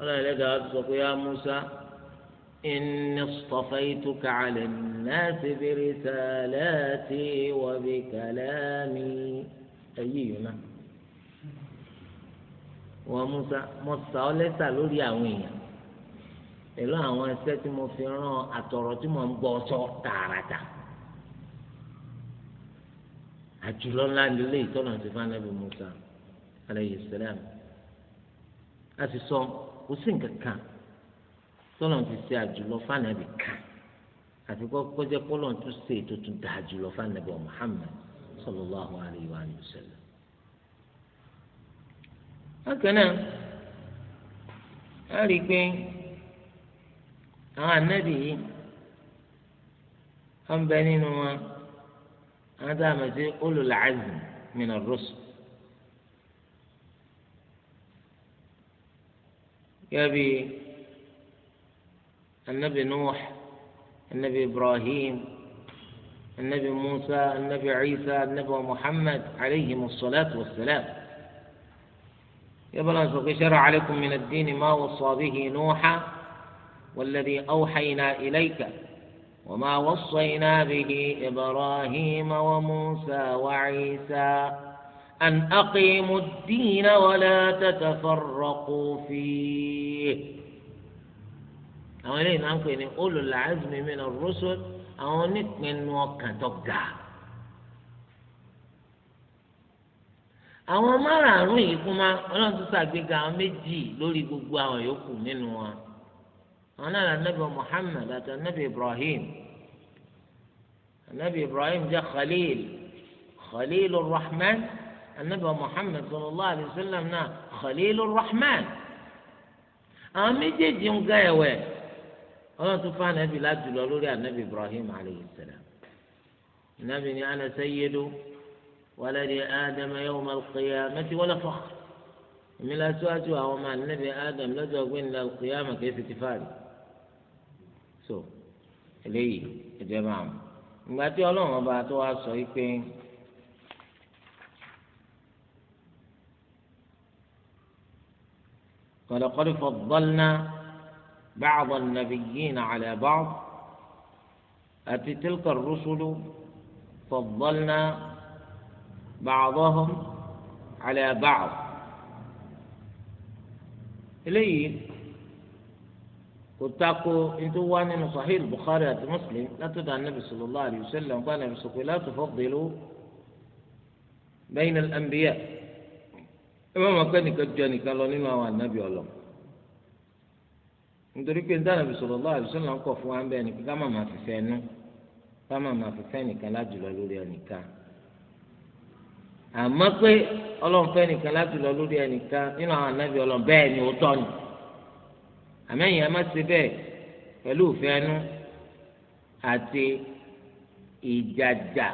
قال لك أصدق يا موسى إني اصطفيتك على الناس برسالاتي وبكلامي أيهما wa musa mo sà ọ lẹ́sà lórí àwọn èèyàn pẹ̀lú àwọn tí mo fi ran atọrọ tí mo ń sọ tààràtà àjùlọ ńlá lílé ìtọ́nà ti fún musa alayhi salam a ti sọ kò sí nǹkan kan tọ́nà ti ṣe àjùlọ fún kan àfi kọ́kọ́ jẹ́ kọ́lọ́n tún ṣe ètò tún dáa bákan náà a rí i pé àwọn ànábì yìí wọn bẹ nínú wọn àwọn tá a mọ̀ sí ulul azm min ar-rusul. كأبي النبي نوح النبي إبراهيم النبي موسى النبي عيسى النبي محمد عليهم الصلاة والسلام يبقى نسوق شرع عليكم من الدين ما وصى به نوحا والذي أوحينا إليك وما وصينا به إبراهيم وموسى وعيسى أن أقيموا الدين ولا تتفرقوا فيه أولين أنكم أولو العزم من الرسل أو نتمنى وكتبتها àwọn márààrún yìí kún ma ọlọ́run tún ṣàgbéga àwọn méjì lórí gbogbo àwọn yòókù nínú wọn àwọn náà la nabi Muhammad àti nabi Ibrahim nabi Ibrahim jẹ khalil khalil rahman nabi Muhammad sallallahu alayhi wa sallam náà khalil rahman àwọn méjèèjì ń gá ẹ̀wẹ̀ ọlọ́run tún fún anabi láti lọ lórí anabi Ibrahim alayhi salam anabi ni ana sayyidu. ولد آدم يوم القيامة ولا فخر من الأسواس وهو مع النبي آدم لدى من القيامة كيف تفعل سو لي يا جماعة ما تقولون ما بعتوا صيفين ولقد فضلنا بعض النبيين على بعض أتي تلك الرسل فضلنا بعضهم على بعض eléyìí kò tako ètò wá nínú sahih bukhari àti muslim látọ̀dọ̀ anabi sallallahu alayhi wa sallam gba anabi sọ pé la tufaddilu bayna al-anbiya ẹ má máa pẹ́ nìkan jọ nìkan lọ nínú àwọn anabi ọlọ́m nítorí pé nítorí anabi sallallahu alayhi wa sallam kọ̀ fún wa ń bẹ́ẹ̀ ni ká má máa fi fẹ́ nu ká má máa fi fẹ́ nìkan lájùlọ lórí ẹnìkan àmọ́ pé ọlọ́run fẹ́ nìkan láti lọ lórí ẹnìkan nínú àwọn anábì ọlọ́run bẹ́ẹ̀ ni òótọ́ ni àmẹ́yìn ẹ má ṣe bẹ́ẹ̀ pẹ̀lú ìfẹ́nu àti ìjàjà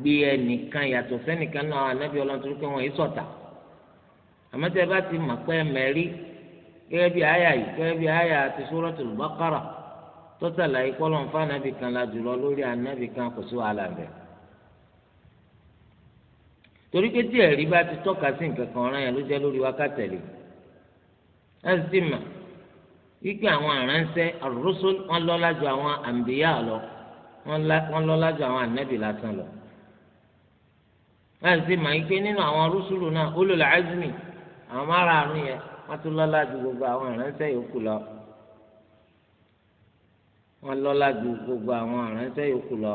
gbé ẹnìkan yàtọ̀ sẹ́nìkan náà àwọn anábì ọlọ́run torí pé wọ́n yìí sọ̀tà àmọ́ tẹ́ bá ti mọ̀ pé mẹ́rí gẹ́gẹ́ bí àyà yìí gẹ́gẹ́ bí àyà àti Suratul Baqara tọ́tàlá ikọ́ lọ́nfà anábì kan la jùlọ lórí anábì kan kò sí wàhálà bẹ́ẹ̀ torí pé tí ẹ̀rí bá ti tọ́ka sí nǹkan kan ọ̀ràn yẹn ló jẹ́ lórí wákàtí ẹ̀lẹ́ láti sì mà wípé àwọn àránṣẹ́ ar-rusul wọn lọ́lá ju àwọn àǹbíyá lọ wọn lọ́lá ju àwọn ànábì lásán lọ láti sì mà wípé nínú àwọn rúṣùlù náà ulul azmi àwọn márààrún yẹn wọn tún lọ́lá ju gbogbo àwọn àránṣẹ́ yòókù lọ wọn lọ́lá ju gbogbo àwọn àránṣẹ́ yòókù lọ.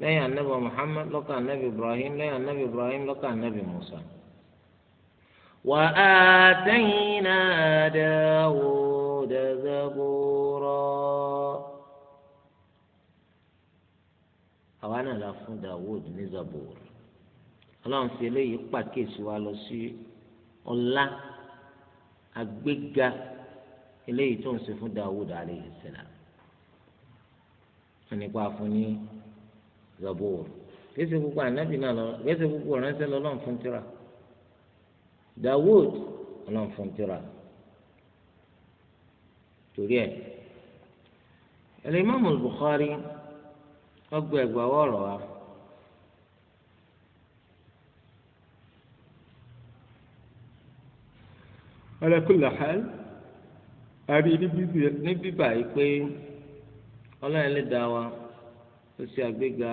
lẹ́yìn anabi muhammad lọ́kàn anabi ibrahim lẹ́yìn anabi ibrahim lọ́kàn anabi musa. وآتينا داود زبورا àwọn náà la fún Dawud ní Zabur Ọlọ́run fi eléyìí pàkíyèsí wa lọ sí ọlá àgbéga eléyìí tó ń ṣe fún Dawud alayhi salam wọn nípa fún ní zabur kéésì gbogbo ànábì náà lọ kéésì gbogbo ránṣẹ́ lọ lọ́n fún tírà dawud lọ́n fún tírà torí ẹ̀ alimami bukhari ọgbà ẹgbà wọ̀rọ̀ wa. ala kulli hal a rí níbí báyìí pé ọlọ́run dá wa ó ṣe àgbéga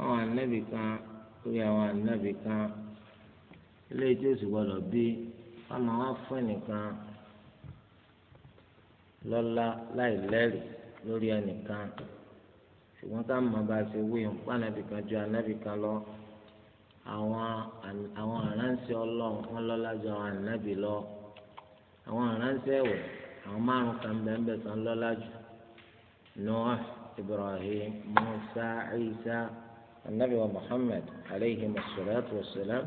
àwọn ànábì kan lórí àwọn ànábì kan eléyìí tí ó sì gbọdọ̀ bí káma wá fún ẹnìkan lọ́lá láì lẹ́rìí lórí ẹnìkan ṣùgbọ́n ká mọ̀ bá a ṣe wí òun pànàbì kan ju ànábì kan lọ àwọn àwọn Ọlọ́run wọn lọ́lá ju àwọn ànábì lọ àwọn aránṣẹ́ ẹ̀wẹ̀ àwọn márùn kan bẹ́ẹ̀ bẹ́ẹ̀ kan lọ́lá jù Noah ibrahim موسى isa anabi wa muhammad aleyhi masalatu wasalam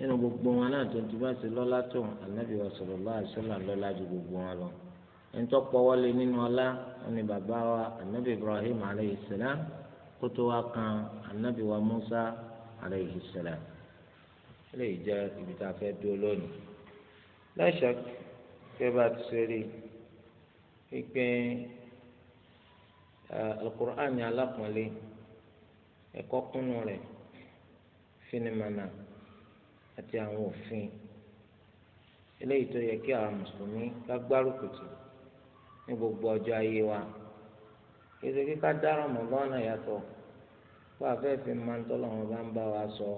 nínú gbogbo wọn náà tó ti bá ti lọ́lá tó anabi wa sallallahu alaihi wasallam lọ́lá ju gbogbo wọn lọ ntọ́ pọ́wọ́lé nínú ọlá ni bàbá wa anabi ibrahim aleyhi salam kótó wa kan anabi wa musa aleyhi salam ilé ìjẹ ibi tá a fẹ́ dúró lónìí lẹ́sàk bá ti ṣe rí i pé. Eh, alukur'an ni alápọ̀nlé ẹ̀kọ́ kúnnú finimana ati àti ofin òfin to tó yẹ kí àwọn mùsùlùmí ká gbárùkù tì ní gbogbo wa kéde kíká dára mọ́ lọ́nà yàtọ̀ fún afẹ́fẹ́ máa ń ọrụ wọn nba wa sọ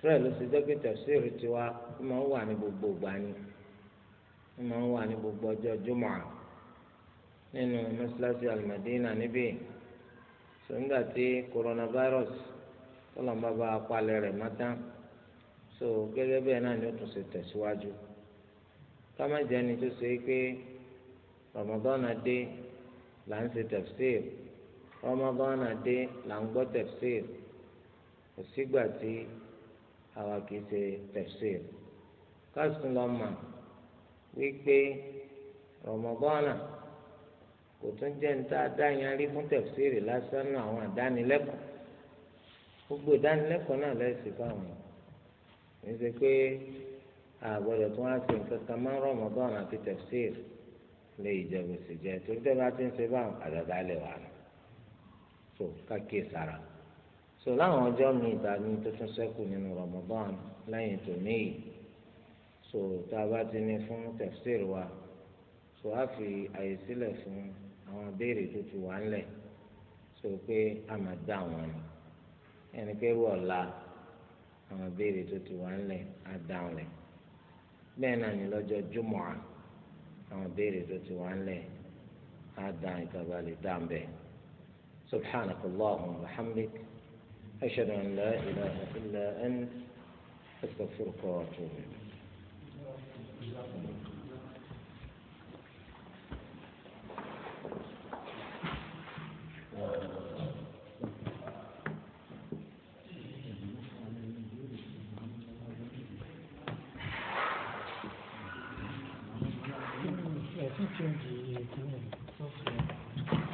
sọ́ọ̀ ló ṣe jẹ́ pé tẹ̀síìrì tiwa ó máa ń wà ní gbogbo ìgbà ni ó máa ń wà ní gbogbo ọjọ́ jùmọ̀ nínú mọ́ṣáláṣí alimadina níbí sọ́ńdà tí coronavirus tọ́lọ́mọba bá apalẹ̀ rẹ̀ mọ́tá so gẹ́gẹ́ bẹ́ẹ̀ náà ni ó tún ṣe tẹ̀síwájú ká má jẹ́ ni tó ṣe pé dé là ń ṣe tẹ̀síìrì dé là ń gbọ́ tẹ̀síìrì kò sígbà tí. àwa kìí ṣe tafsir káàsùn lọ mà wípé rọmọbọ́nà kò tún jẹ́ ní tá a dá yẹn fún lásán náà àwọn àdánilẹ́kọ̀ọ́ gbogbo ìdánilẹ́kọ̀ọ́ náà lẹ́sìn fáwọn ẹ̀ ṣe pé àgbọ̀dọ̀ tí wọ́n á ṣe nǹkan kan máa ń rọmọbọ́nà àti tafsir lè ìjẹ́bù sí jẹ́ torí tẹ́ bá ti ń ṣe báwọn àdàdà lè wà ní. so kákìí sára. sọ láwọn ọjọ́ mi ìgbà mi tó tún ṣẹ́kù nínú Ramadan lẹ́yìn tòní yìí so tá a bá ti ní fún tafsir wa so a fi àyè sílẹ̀ fún àwọn béèrè tó ti wà ńlẹ̀ so pé a máa dá wọn ni ẹni pé rú ọ̀la àwọn béèrè tó ti wà ńlẹ̀ á dá wọn lẹ̀ bẹ́ẹ̀ náà ni lọ́jọ́ jùmọ̀à àwọn béèrè tó ti wà ńlẹ̀ á dá ìtàgbà dá ń bẹ̀ subhanakallahumma wa hamdik. أشهد أن لا إله إلا أنت أستغفرك وأتوب إليك Thank you.